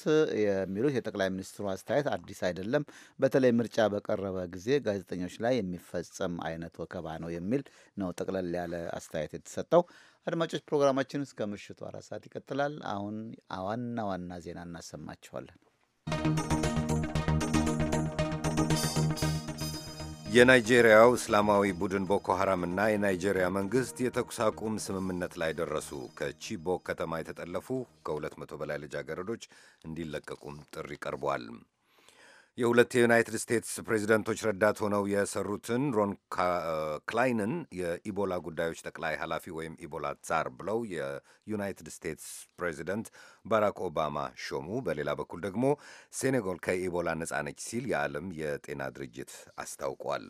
የሚሉት የጠቅላይ ሚኒስትሩ አስተያየት አዲስ አይደለም፣ በተለይ ምርጫ በቀረበ ጊዜ ጋዜጠኞች ላይ የሚፈጸም አይነት ወከባ ነው የሚል ነው ጠቅለል ያለ አስተያየት የተሰጠው። አድማጮች፣ ፕሮግራማችን እስከ ምሽቱ አራት ሰዓት ይቀጥላል። አሁን ዋና ዋና ዜና እናሰማችኋለን። የናይጄሪያው እስላማዊ ቡድን ቦኮ ሐራምና የናይጄሪያ መንግሥት የተኩስ አቁም ስምምነት ላይ ደረሱ። ከቺቦክ ከተማ የተጠለፉ ከሁለት መቶ በላይ ልጃገረዶች እንዲለቀቁም ጥሪ ቀርቧል። የሁለት የዩናይትድ ስቴትስ ፕሬዚደንቶች ረዳት ሆነው የሰሩትን ሮን ክላይንን የኢቦላ ጉዳዮች ጠቅላይ ኃላፊ ወይም ኢቦላ ዛር ብለው የዩናይትድ ስቴትስ ፕሬዚደንት ባራክ ኦባማ ሾሙ። በሌላ በኩል ደግሞ ሴኔጋል ከኢቦላ ነጻ ነች ሲል የዓለም የጤና ድርጅት አስታውቋል።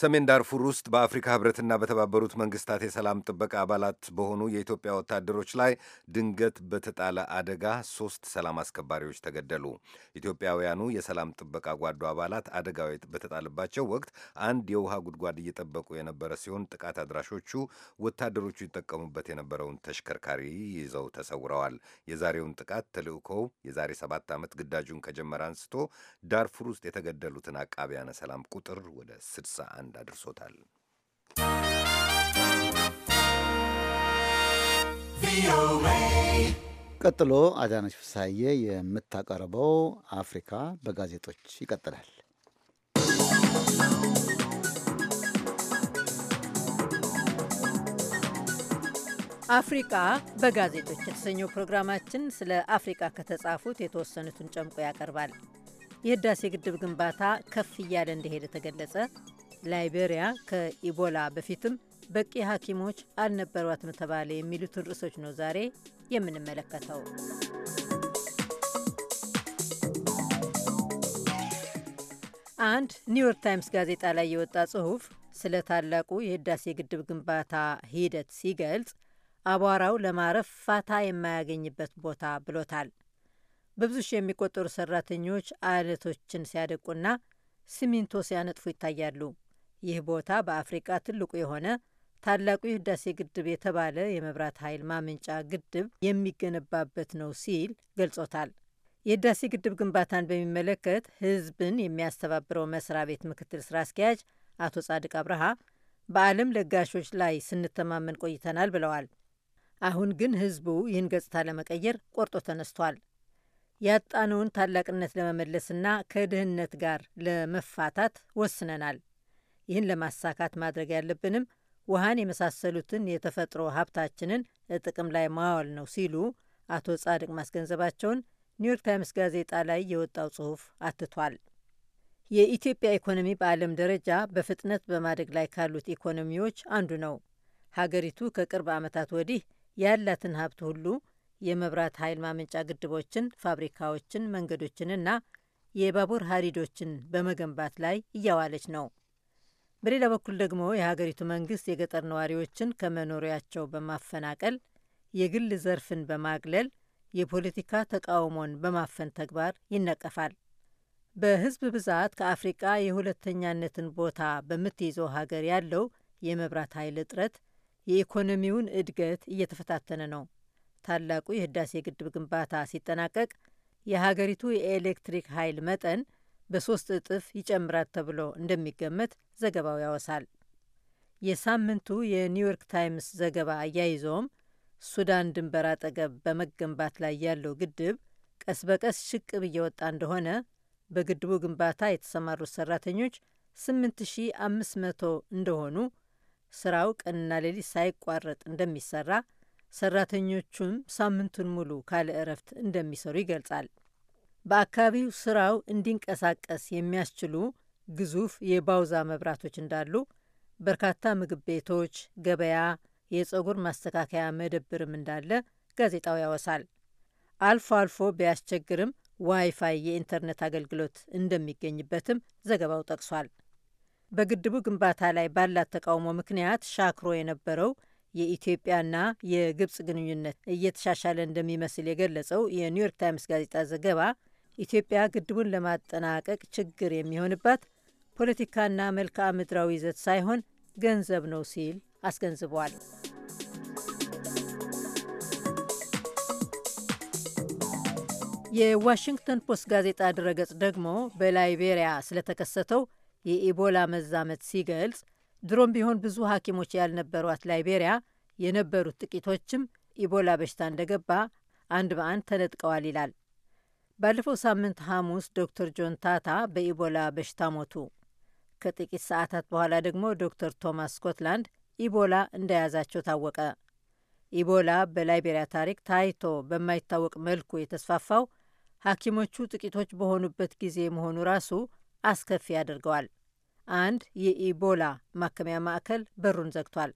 ሰሜን ዳርፉር ውስጥ በአፍሪካ ህብረትና በተባበሩት መንግስታት የሰላም ጥበቃ አባላት በሆኑ የኢትዮጵያ ወታደሮች ላይ ድንገት በተጣለ አደጋ ሶስት ሰላም አስከባሪዎች ተገደሉ። ኢትዮጵያውያኑ የሰላም ጥበቃ ጓዶ አባላት አደጋው በተጣለባቸው ወቅት አንድ የውሃ ጉድጓድ እየጠበቁ የነበረ ሲሆን ጥቃት አድራሾቹ ወታደሮቹ ይጠቀሙበት የነበረውን ተሽከርካሪ ይዘው ተሰውረዋል። የዛሬውን ጥቃት ተልእኮው የዛሬ ሰባት ዓመት ግዳጁን ከጀመረ አንስቶ ዳርፉር ውስጥ የተገደሉትን አቃቢያነ ሰላም ቁጥር ወደ ስድሳ አንድ አድርሶታል። ቀጥሎ አዳነች ፍሳዬ የምታቀርበው አፍሪካ በጋዜጦች ይቀጥላል። አፍሪቃ በጋዜጦች የተሰኘው ፕሮግራማችን ስለ አፍሪቃ ከተጻፉት የተወሰኑትን ጨምቆ ያቀርባል። የህዳሴ ግድብ ግንባታ ከፍ እያለ እንደሄደ ተገለጸ። ላይቤሪያ ከኢቦላ በፊትም በቂ ሐኪሞች አልነበሯትም ተባለ የሚሉትን ርዕሶች ነው ዛሬ የምንመለከተው። አንድ ኒውዮርክ ታይምስ ጋዜጣ ላይ የወጣ ጽሑፍ ስለ ታላቁ የህዳሴ ግድብ ግንባታ ሂደት ሲገልጽ አቧራው ለማረፍ ፋታ የማያገኝበት ቦታ ብሎታል። በብዙ ሺህ የሚቆጠሩ ሰራተኞች አለቶችን ሲያደቁና ሲሚንቶ ሲያነጥፉ ይታያሉ። ይህ ቦታ በአፍሪቃ ትልቁ የሆነ ታላቁ የህዳሴ ግድብ የተባለ የመብራት ኃይል ማመንጫ ግድብ የሚገነባበት ነው ሲል ገልጾታል። የህዳሴ ግድብ ግንባታን በሚመለከት ህዝብን የሚያስተባብረው መስሪያ ቤት ምክትል ስራ አስኪያጅ አቶ ጻድቅ አብርሃ በዓለም ለጋሾች ላይ ስንተማመን ቆይተናል ብለዋል። አሁን ግን ህዝቡ ይህን ገጽታ ለመቀየር ቆርጦ ተነስቷል። ያጣነውን ታላቅነት ለመመለስና ከድህነት ጋር ለመፋታት ወስነናል። ይህን ለማሳካት ማድረግ ያለብንም ውሃን የመሳሰሉትን የተፈጥሮ ሀብታችንን ጥቅም ላይ ማዋል ነው ሲሉ አቶ ጻድቅ ማስገንዘባቸውን ኒውዮርክ ታይምስ ጋዜጣ ላይ የወጣው ጽሑፍ አትቷል። የኢትዮጵያ ኢኮኖሚ በዓለም ደረጃ በፍጥነት በማደግ ላይ ካሉት ኢኮኖሚዎች አንዱ ነው። ሀገሪቱ ከቅርብ ዓመታት ወዲህ ያላትን ሀብት ሁሉ የመብራት ኃይል ማመንጫ ግድቦችን፣ ፋብሪካዎችን፣ መንገዶችንና የባቡር ሀዲዶችን በመገንባት ላይ እያዋለች ነው። በሌላ በኩል ደግሞ የሀገሪቱ መንግስት የገጠር ነዋሪዎችን ከመኖሪያቸው በማፈናቀል የግል ዘርፍን በማግለል የፖለቲካ ተቃውሞን በማፈን ተግባር ይነቀፋል። በህዝብ ብዛት ከአፍሪቃ የሁለተኛነትን ቦታ በምትይዘው ሀገር ያለው የመብራት ኃይል እጥረት የኢኮኖሚውን እድገት እየተፈታተነ ነው። ታላቁ የህዳሴ ግድብ ግንባታ ሲጠናቀቅ የሀገሪቱ የኤሌክትሪክ ኃይል መጠን በሶስት እጥፍ ይጨምራል ተብሎ እንደሚገመት ዘገባው ያወሳል። የሳምንቱ የኒውዮርክ ታይምስ ዘገባ አያይዞውም ሱዳን ድንበር አጠገብ በመገንባት ላይ ያለው ግድብ ቀስ በቀስ ሽቅብ እየወጣ እንደሆነ በግድቡ ግንባታ የተሰማሩት ሰራተኞች 8500 እንደሆኑ ስራው ቀንና ሌሊት ሳይቋረጥ እንደሚሰራ ሰራተኞቹም ሳምንቱን ሙሉ ካለ እረፍት እንደሚሰሩ ይገልጻል። በአካባቢው ስራው እንዲንቀሳቀስ የሚያስችሉ ግዙፍ የባውዛ መብራቶች እንዳሉ፣ በርካታ ምግብ ቤቶች፣ ገበያ፣ የፀጉር ማስተካከያ መደብርም እንዳለ ጋዜጣው ያወሳል። አልፎ አልፎ ቢያስቸግርም ዋይፋይ የኢንተርኔት አገልግሎት እንደሚገኝበትም ዘገባው ጠቅሷል። በግድቡ ግንባታ ላይ ባላት ተቃውሞ ምክንያት ሻክሮ የነበረው የኢትዮጵያና የግብፅ ግንኙነት እየተሻሻለ እንደሚመስል የገለጸው የኒውዮርክ ታይምስ ጋዜጣ ዘገባ ኢትዮጵያ ግድቡን ለማጠናቀቅ ችግር የሚሆንባት ፖለቲካና መልክዓ ምድራዊ ይዘት ሳይሆን ገንዘብ ነው ሲል አስገንዝበዋል። የዋሽንግተን ፖስት ጋዜጣ ድረገጽ ደግሞ በላይቤሪያ ስለተከሰተው የኢቦላ መዛመት ሲገልጽ ድሮም ቢሆን ብዙ ሐኪሞች ያልነበሯት ላይቤሪያ የነበሩት ጥቂቶችም ኢቦላ በሽታ እንደገባ አንድ በአንድ ተነጥቀዋል ይላል። ባለፈው ሳምንት ሐሙስ ዶክተር ጆን ታታ በኢቦላ በሽታ ሞቱ። ከጥቂት ሰዓታት በኋላ ደግሞ ዶክተር ቶማስ ስኮትላንድ ኢቦላ እንደያዛቸው ታወቀ። ኢቦላ በላይቤሪያ ታሪክ ታይቶ በማይታወቅ መልኩ የተስፋፋው ሐኪሞቹ ጥቂቶች በሆኑበት ጊዜ መሆኑ ራሱ አስከፊ ያደርገዋል። አንድ የኢቦላ ማከሚያ ማዕከል በሩን ዘግቷል።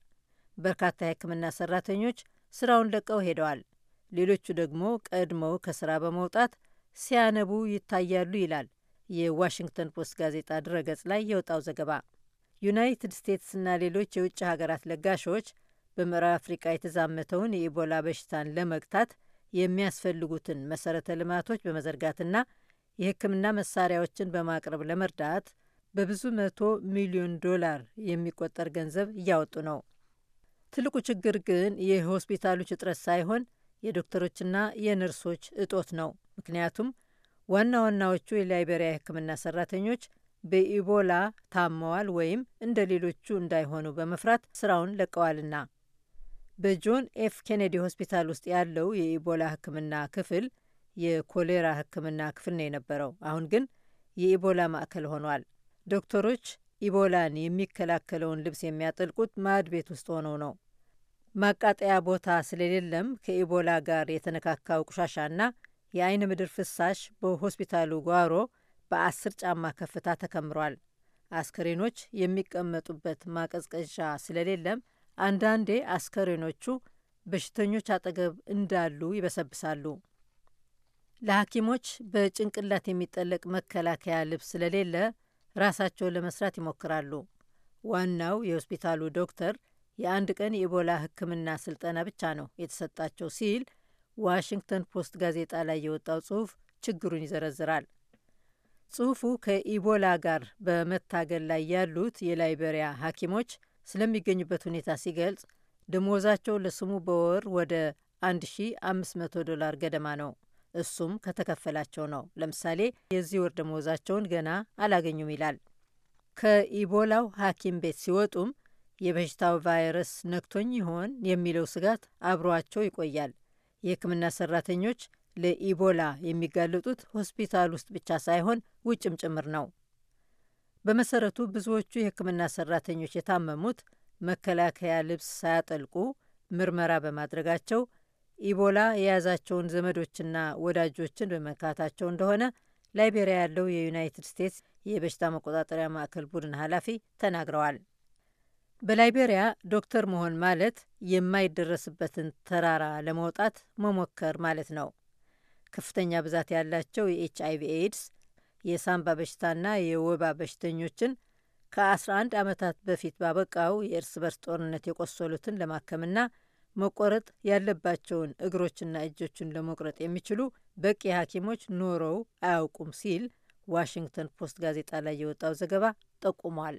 በርካታ የሕክምና ሰራተኞች ስራውን ለቀው ሄደዋል። ሌሎቹ ደግሞ ቀድመው ከስራ በመውጣት ሲያነቡ ይታያሉ ይላል የዋሽንግተን ፖስት ጋዜጣ ድረገጽ ላይ የወጣው ዘገባ። ዩናይትድ ስቴትስና ሌሎች የውጭ ሀገራት ለጋሾች በምዕራብ አፍሪቃ የተዛመተውን የኢቦላ በሽታን ለመግታት የሚያስፈልጉትን መሰረተ ልማቶች በመዘርጋትና የሕክምና መሳሪያዎችን በማቅረብ ለመርዳት በብዙ መቶ ሚሊዮን ዶላር የሚቆጠር ገንዘብ እያወጡ ነው። ትልቁ ችግር ግን የሆስፒታሎች እጥረት ሳይሆን የዶክተሮችና የነርሶች እጦት ነው። ምክንያቱም ዋና ዋናዎቹ የላይቤሪያ የሕክምና ሰራተኞች በኢቦላ ታመዋል ወይም እንደ ሌሎቹ እንዳይሆኑ በመፍራት ስራውን ለቀዋልና። በጆን ኤፍ ኬኔዲ ሆስፒታል ውስጥ ያለው የኢቦላ ሕክምና ክፍል የኮሌራ ሕክምና ክፍል ነው የነበረው። አሁን ግን የኢቦላ ማዕከል ሆኗል። ዶክተሮች ኢቦላን የሚከላከለውን ልብስ የሚያጠልቁት ማዕድ ቤት ውስጥ ሆነው ነው። ማቃጠያ ቦታ ስለሌለም ከኢቦላ ጋር የተነካካው ቆሻሻና የአይን ምድር ፍሳሽ በሆስፒታሉ ጓሮ በአስር ጫማ ከፍታ ተከምሯል። አስከሬኖች የሚቀመጡበት ማቀዝቀዣ ስለሌለም አንዳንዴ አስከሬኖቹ በሽተኞች አጠገብ እንዳሉ ይበሰብሳሉ። ለሐኪሞች በጭንቅላት የሚጠለቅ መከላከያ ልብስ ስለሌለ ራሳቸውን ለመስራት ይሞክራሉ። ዋናው የሆስፒታሉ ዶክተር የአንድ ቀን የኢቦላ ሕክምና ስልጠና ብቻ ነው የተሰጣቸው ሲል ዋሽንግተን ፖስት ጋዜጣ ላይ የወጣው ጽሑፍ ችግሩን ይዘረዝራል። ጽሑፉ ከኢቦላ ጋር በመታገል ላይ ያሉት የላይበሪያ ሐኪሞች ስለሚገኙበት ሁኔታ ሲገልጽ ደሞዛቸው ለስሙ በወር ወደ 1500 ዶላር ገደማ ነው። እሱም ከተከፈላቸው ነው። ለምሳሌ የዚህ ወር ደሞዛቸውን ገና አላገኙም ይላል። ከኢቦላው ሐኪም ቤት ሲወጡም የበሽታው ቫይረስ ነክቶኝ ይሆን የሚለው ስጋት አብሯቸው ይቆያል። የሕክምና ሰራተኞች ለኢቦላ የሚጋለጡት ሆስፒታል ውስጥ ብቻ ሳይሆን ውጭም ጭምር ነው። በመሰረቱ ብዙዎቹ የሕክምና ሰራተኞች የታመሙት መከላከያ ልብስ ሳያጠልቁ ምርመራ በማድረጋቸው ኢቦላ የያዛቸውን ዘመዶችና ወዳጆችን በመካታቸው እንደሆነ ላይቤሪያ ያለው የዩናይትድ ስቴትስ የበሽታ መቆጣጠሪያ ማዕከል ቡድን ኃላፊ ተናግረዋል። በላይቤሪያ ዶክተር መሆን ማለት የማይደረስበትን ተራራ ለመውጣት መሞከር ማለት ነው። ከፍተኛ ብዛት ያላቸው የኤች አይቪ ኤድስ፣ የሳምባ በሽታና የወባ በሽተኞችን ከ11 ዓመታት በፊት ባበቃው የእርስ በርስ ጦርነት የቆሰሉትን ለማከምና መቆረጥ ያለባቸውን እግሮችና እጆችን ለመቁረጥ የሚችሉ በቂ ሐኪሞች ኖረው አያውቁም ሲል ዋሽንግተን ፖስት ጋዜጣ ላይ የወጣው ዘገባ ጠቁሟል።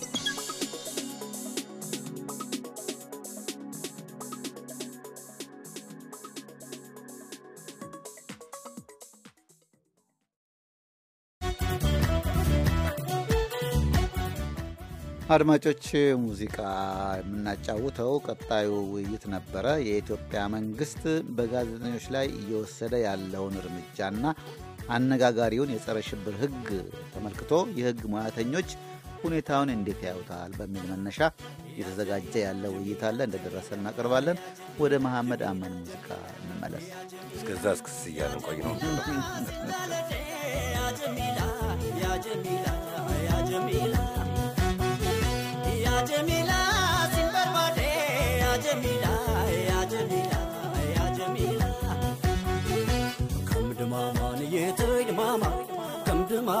አድማጮች ሙዚቃ የምናጫውተው ቀጣዩ ውይይት ነበረ። የኢትዮጵያ መንግስት በጋዜጠኞች ላይ እየወሰደ ያለውን እርምጃና አነጋጋሪውን የጸረ ሽብር ህግ ተመልክቶ የህግ ሙያተኞች ሁኔታውን እንዴት ያዩታል በሚል መነሻ እየተዘጋጀ ያለ ውይይት አለ። እንደደረሰ እናቀርባለን። ወደ መሐመድ አመን ሙዚቃ እንመለስ። እስከዛ እስክስያለን ቆይ ነው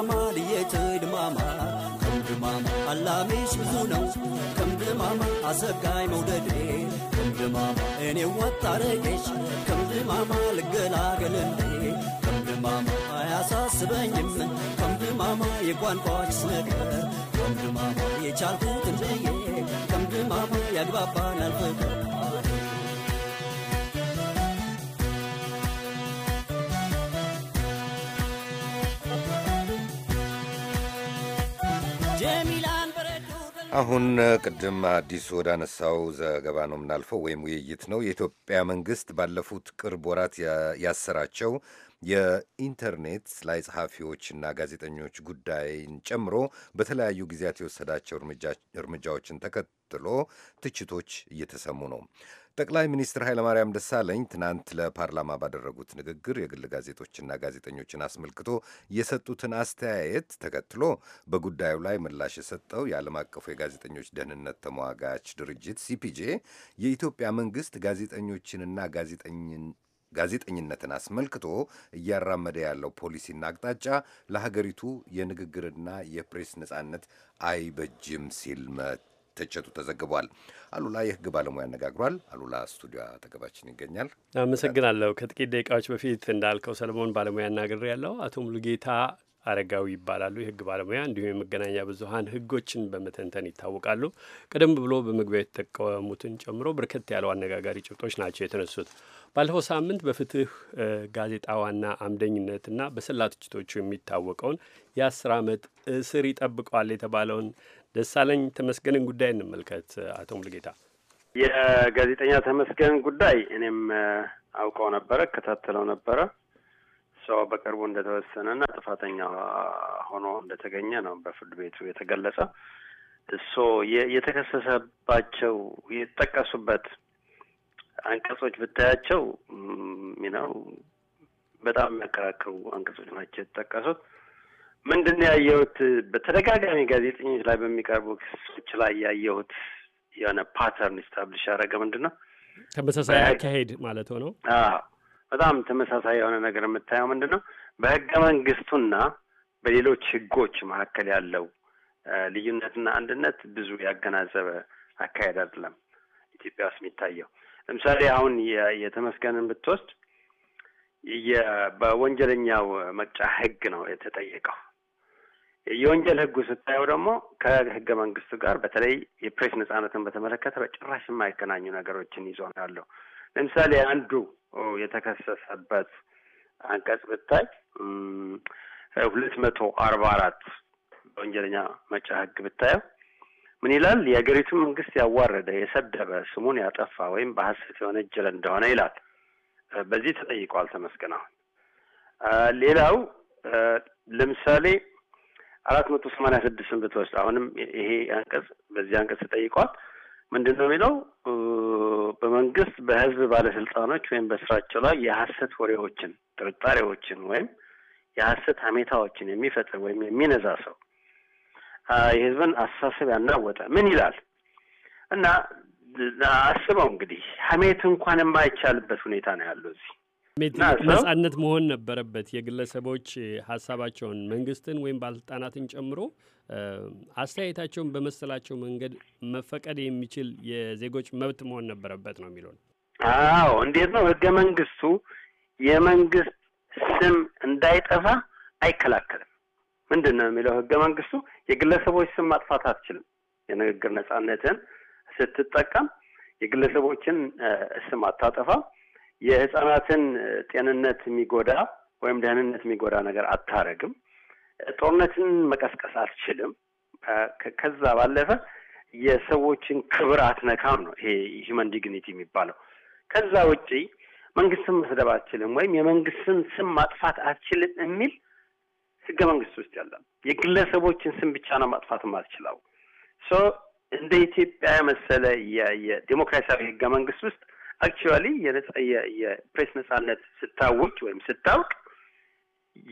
ድማማ ልየት ድማማ ከም ድማማ አላሜሽ ብዙ ነው ከም ድማማ አሰጋኝ መውደዴ ከም ድማማ እኔ ወጣረቄሽ ከም ድማማ ልገላገልልዴ ከም ድማማ አያሳስበኝም ከም ድማማ የቋንቋች ነገር ከም ድማማ የቻልኩትን ብዬ ከም ድማማ ያግባባናል ፍቅር አሁን ቅድም አዲሱ አነሳው ዘገባ ነው የምናልፈው፣ ወይም ውይይት ነው። የኢትዮጵያ መንግስት ባለፉት ቅርብ ወራት ያሰራቸው የኢንተርኔት ላይ ጸሐፊዎችና ጋዜጠኞች ጉዳይን ጨምሮ በተለያዩ ጊዜያት የወሰዳቸው እርምጃዎችን ተከትሎ ትችቶች እየተሰሙ ነው። ጠቅላይ ሚኒስትር ኃይለማርያም ደሳለኝ ትናንት ለፓርላማ ባደረጉት ንግግር የግል ጋዜጦችና ጋዜጠኞችን አስመልክቶ የሰጡትን አስተያየት ተከትሎ በጉዳዩ ላይ ምላሽ የሰጠው የዓለም አቀፉ የጋዜጠኞች ደህንነት ተሟጋች ድርጅት ሲፒጄ የኢትዮጵያ መንግስት ጋዜጠኞችንና ጋዜጠኝን ጋዜጠኝነትን አስመልክቶ እያራመደ ያለው ፖሊሲና አቅጣጫ ለሀገሪቱ የንግግርና የፕሬስ ነጻነት አይበጅም ሲል መት መተቸቱ ተዘግቧል። አሉላ የህግ ባለሙያ አነጋግሯል። አሉላ ስቱዲዮ አጠገባችን ይገኛል። አመሰግናለሁ። ከጥቂት ደቂቃዎች በፊት እንዳልከው ሰለሞን ባለሙያ እናገር ያለው አቶ ሙሉጌታ አረጋዊ ይባላሉ። የህግ ባለሙያ እንዲሁም የመገናኛ ብዙኃን ህጎችን በመተንተን ይታወቃሉ። ቀደም ብሎ በመግቢያ የተጠቀሙትን ጨምሮ በርከት ያለው አነጋጋሪ ጭብጦች ናቸው የተነሱት። ባለፈው ሳምንት በፍትህ ጋዜጣ ዋና አምደኝነትና በሰላ ትችቶቹ የሚታወቀውን የአስር ዓመት እስር ይጠብቀዋል የተባለውን ደሳለኝ ተመስገንን ጉዳይ እንመልከት። አቶ ሙልጌታ፣ የጋዜጠኛ ተመስገን ጉዳይ እኔም አውቀው ነበረ፣ እከታተለው ነበረ። ሰው በቅርቡ እንደተወሰነና ጥፋተኛ ሆኖ እንደተገኘ ነው በፍርድ ቤቱ የተገለጸ። እሶ የተከሰሰባቸው የተጠቀሱበት አንቀጾች ብታያቸው ነው በጣም የሚያከራክሩ አንቀጾች ናቸው የተጠቀሱት። ምንድን ነው ያየሁት? በተደጋጋሚ ጋዜጠኞች ላይ በሚቀርቡ ክሶች ላይ ያየሁት የሆነ ፓተርን ስታብሊሽ ያደረገ ምንድን ነው ተመሳሳይ አካሄድ ማለት ነው። በጣም ተመሳሳይ የሆነ ነገር የምታየው ምንድን ነው በህገ መንግስቱና በሌሎች ህጎች መካከል ያለው ልዩነትና አንድነት ብዙ ያገናዘበ አካሄድ አይደለም ኢትዮጵያ ውስጥ የሚታየው። ለምሳሌ አሁን የተመስገንን ብትወስድ በወንጀለኛው መቅጫ ህግ ነው የተጠየቀው የወንጀል ህጉ ስታየው ደግሞ ከህገ መንግስቱ ጋር በተለይ የፕሬስ ነጻነትን በተመለከተ በጭራሽ የማይገናኙ ነገሮችን ይዞ ነው ያለው። ለምሳሌ አንዱ የተከሰሰበት አንቀጽ ብታይ ሁለት መቶ አርባ አራት በወንጀለኛ መቅጫ ህግ ብታየው ምን ይላል? የሀገሪቱን መንግስት ያዋረደ፣ የሰደበ፣ ስሙን ያጠፋ ወይም በሀሰት የወነጀለ እንደሆነ ይላል። በዚህ ተጠይቋል ተመስገን። አሁን ሌላው ለምሳሌ አራት መቶ ሰማንያ ስድስትን ብትወስድ አሁንም ይሄ አንቀጽ በዚህ አንቀጽ ተጠይቋል። ምንድን ነው የሚለው? በመንግስት በህዝብ ባለስልጣኖች ወይም በስራቸው ላይ የሀሰት ወሬዎችን፣ ጥርጣሬዎችን ወይም የሀሰት ሀሜታዎችን የሚፈጥር ወይም የሚነዛ ሰው የህዝብን አስተሳሰብ ያናወጠ ምን ይላል እና አስበው እንግዲህ ሀሜት እንኳን የማይቻልበት ሁኔታ ነው ያለው እዚህ ነጻነት መሆን ነበረበት። የግለሰቦች ሀሳባቸውን መንግስትን ወይም ባለስልጣናትን ጨምሮ አስተያየታቸውን በመሰላቸው መንገድ መፈቀድ የሚችል የዜጎች መብት መሆን ነበረበት ነው የሚለው። አዎ እንዴት ነው ህገ መንግስቱ የመንግስት ስም እንዳይጠፋ አይከላከልም። ምንድን ነው የሚለው ህገ መንግስቱ የግለሰቦች ስም ማጥፋት አትችልም። የንግግር ነጻነትን ስትጠቀም የግለሰቦችን ስም አታጠፋ የህጻናትን ጤንነት የሚጎዳ ወይም ደህንነት የሚጎዳ ነገር አታረግም። ጦርነትን መቀስቀስ አትችልም። ከዛ ባለፈ የሰዎችን ክብር አትነካም ነው ይሄ ሂውመን ዲግኒቲ የሚባለው። ከዛ ውጪ መንግስትን መስደብ አትችልም ወይም የመንግስትን ስም ማጥፋት አትችልም የሚል ህገ መንግስት ውስጥ ያለም የግለሰቦችን ስም ብቻ ነው ማጥፋት አትችላው። እንደ ኢትዮጵያ የመሰለ የዲሞክራሲያዊ ህገ መንግስት ውስጥ አክቹዋሊ የፕሬስ ነጻነት ስታውቅ ወይም ስታውቅ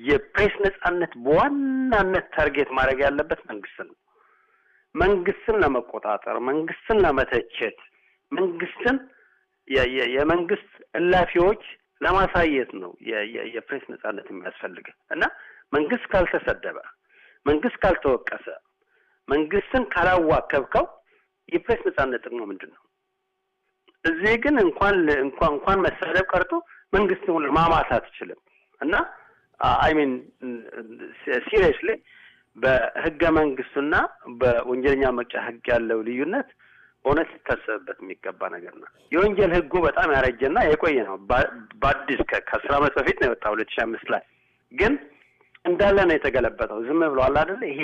የፕሬስ ነጻነት በዋናነት ታርጌት ማድረግ ያለበት መንግስት ነው። መንግስትን ለመቆጣጠር፣ መንግስትን ለመተቸት፣ መንግስትን የመንግስት እላፊዎች ለማሳየት ነው የፕሬስ ነጻነት የሚያስፈልግ እና መንግስት ካልተሰደበ፣ መንግስት ካልተወቀሰ፣ መንግስትን ካላዋከብከው የፕሬስ ነጻነት ጥቅሙ ምንድን ነው? እዚህ ግን እንኳን እንኳን እንኳን መሳደብ ቀርቶ መንግስት ማማት አትችልም እና ሚን ሲሪየስሊ በህገ መንግስቱና በወንጀለኛ መቅጫ ህግ ያለው ልዩነት እውነት ሊታሰብበት የሚገባ ነገር ነው። የወንጀል ህጉ በጣም ያረጀና የቆየ ነው። በአዲስ ከአስር አመት በፊት ነው የወጣ ሁለት ሺ አምስት ላይ ግን እንዳለ ነው የተገለበጠው። ዝም ብለዋል አላደለ ይሄ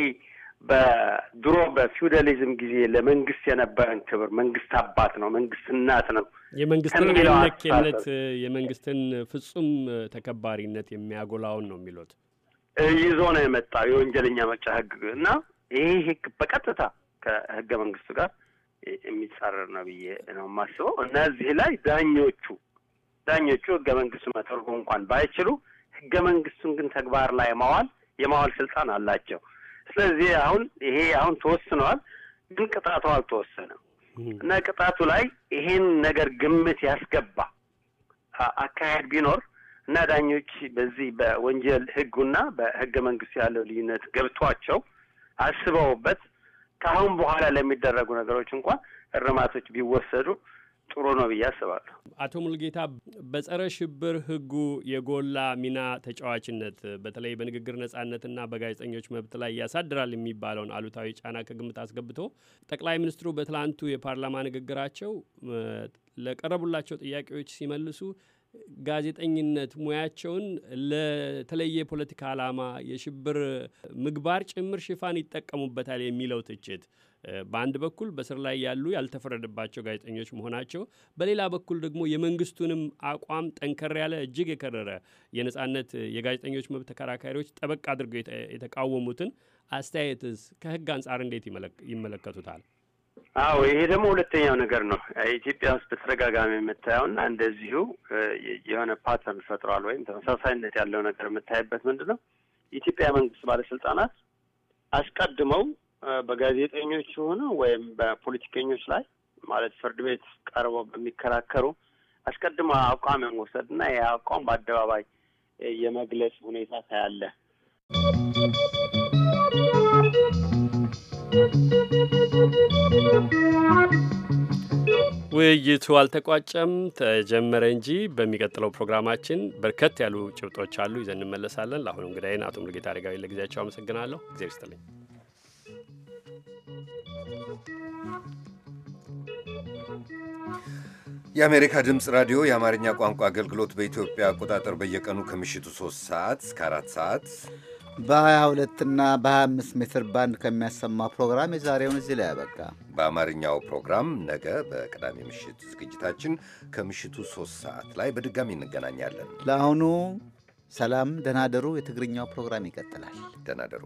በድሮ በፊውዳሊዝም ጊዜ ለመንግስት የነበረን ክብር መንግስት አባት ነው፣ መንግስት እናት ነው፣ የመንግስትን የመንግስትን ፍጹም ተከባሪነት የሚያጎላውን ነው የሚሉት ይዞ ነው የመጣው የወንጀለኛ መቅጫ ህግ እና ይሄ ህግ በቀጥታ ከህገ መንግስቱ ጋር የሚጻረር ነው ብዬ ነው የማስበው። እነዚህ ላይ ዳኞቹ ዳኞቹ ህገ መንግስቱ መተርጎ እንኳን ባይችሉ ህገ መንግስቱን ግን ተግባር ላይ ማዋል የማዋል ስልጣን አላቸው። ስለዚህ አሁን ይሄ አሁን ተወስኗል፣ ግን ቅጣቱ አልተወሰነም እና ቅጣቱ ላይ ይሄን ነገር ግምት ያስገባ አካሄድ ቢኖር እና ዳኞች በዚህ በወንጀል ህጉና በህገ መንግስቱ ያለው ልዩነት ገብቷቸው አስበውበት ከአሁን በኋላ ለሚደረጉ ነገሮች እንኳን እርማቶች ቢወሰዱ ጥሩ ነው ብዬ አስባለሁ። አቶ ሙልጌታ በጸረ ሽብር ህጉ የጎላ ሚና ተጫዋችነት በተለይ በንግግር ነጻነትና በጋዜጠኞች መብት ላይ ያሳድራል የሚባለውን አሉታዊ ጫና ከግምት አስገብቶ ጠቅላይ ሚኒስትሩ በትላንቱ የፓርላማ ንግግራቸው ለቀረቡላቸው ጥያቄዎች ሲመልሱ ጋዜጠኝነት ሙያቸውን ለተለየ የፖለቲካ ዓላማ የሽብር ምግባር ጭምር ሽፋን ይጠቀሙበታል የሚለው ትችት በአንድ በኩል በስር ላይ ያሉ ያልተፈረደባቸው ጋዜጠኞች መሆናቸው፣ በሌላ በኩል ደግሞ የመንግስቱንም አቋም ጠንከር ያለ እጅግ የከረረ የነጻነት የጋዜጠኞች መብት ተከራካሪዎች ጠበቅ አድርገው የተቃወሙትን አስተያየትስ ከህግ አንጻር እንዴት ይመለከቱታል? አዎ ይሄ ደግሞ ሁለተኛው ነገር ነው። ኢትዮጵያ ውስጥ በተደጋጋሚ የምታየውና እንደዚሁ የሆነ ፓተርን ፈጥሯል ወይም ተመሳሳይነት ያለው ነገር የምታይበት ምንድን ነው? የኢትዮጵያ መንግስት ባለስልጣናት አስቀድመው በጋዜጠኞች ሆነ ወይም በፖለቲከኞች ላይ ማለት ፍርድ ቤት ቀርበው በሚከራከሩ አስቀድሞ አቋም የመውሰድ እና ይህ አቋም በአደባባይ የመግለጽ ሁኔታ ታያለ። ውይይቱ አልተቋጨም፣ ተጀመረ እንጂ በሚቀጥለው ፕሮግራማችን በርከት ያሉ ጭብጦች አሉ፣ ይዘን እንመለሳለን። ለአሁኑ እንግዳይን አቶ ሙሉጌታ አረጋዊ ለጊዜያቸው አመሰግናለሁ። እግዜር ይስጥልኝ። የአሜሪካ ድምፅ ራዲዮ የአማርኛ ቋንቋ አገልግሎት በኢትዮጵያ አቆጣጠር በየቀኑ ከምሽቱ 3 ሰዓት እስከ 4 ሰዓት በ22 እና በ25 ሜትር ባንድ ከሚያሰማው ፕሮግራም የዛሬውን እዚህ ላይ ያበቃ። በአማርኛው ፕሮግራም ነገ በቅዳሜ ምሽት ዝግጅታችን ከምሽቱ 3 ሰዓት ላይ በድጋሚ እንገናኛለን። ለአሁኑ ሰላም፣ ደናደሩ። የትግርኛው ፕሮግራም ይቀጥላል። ደናደሩ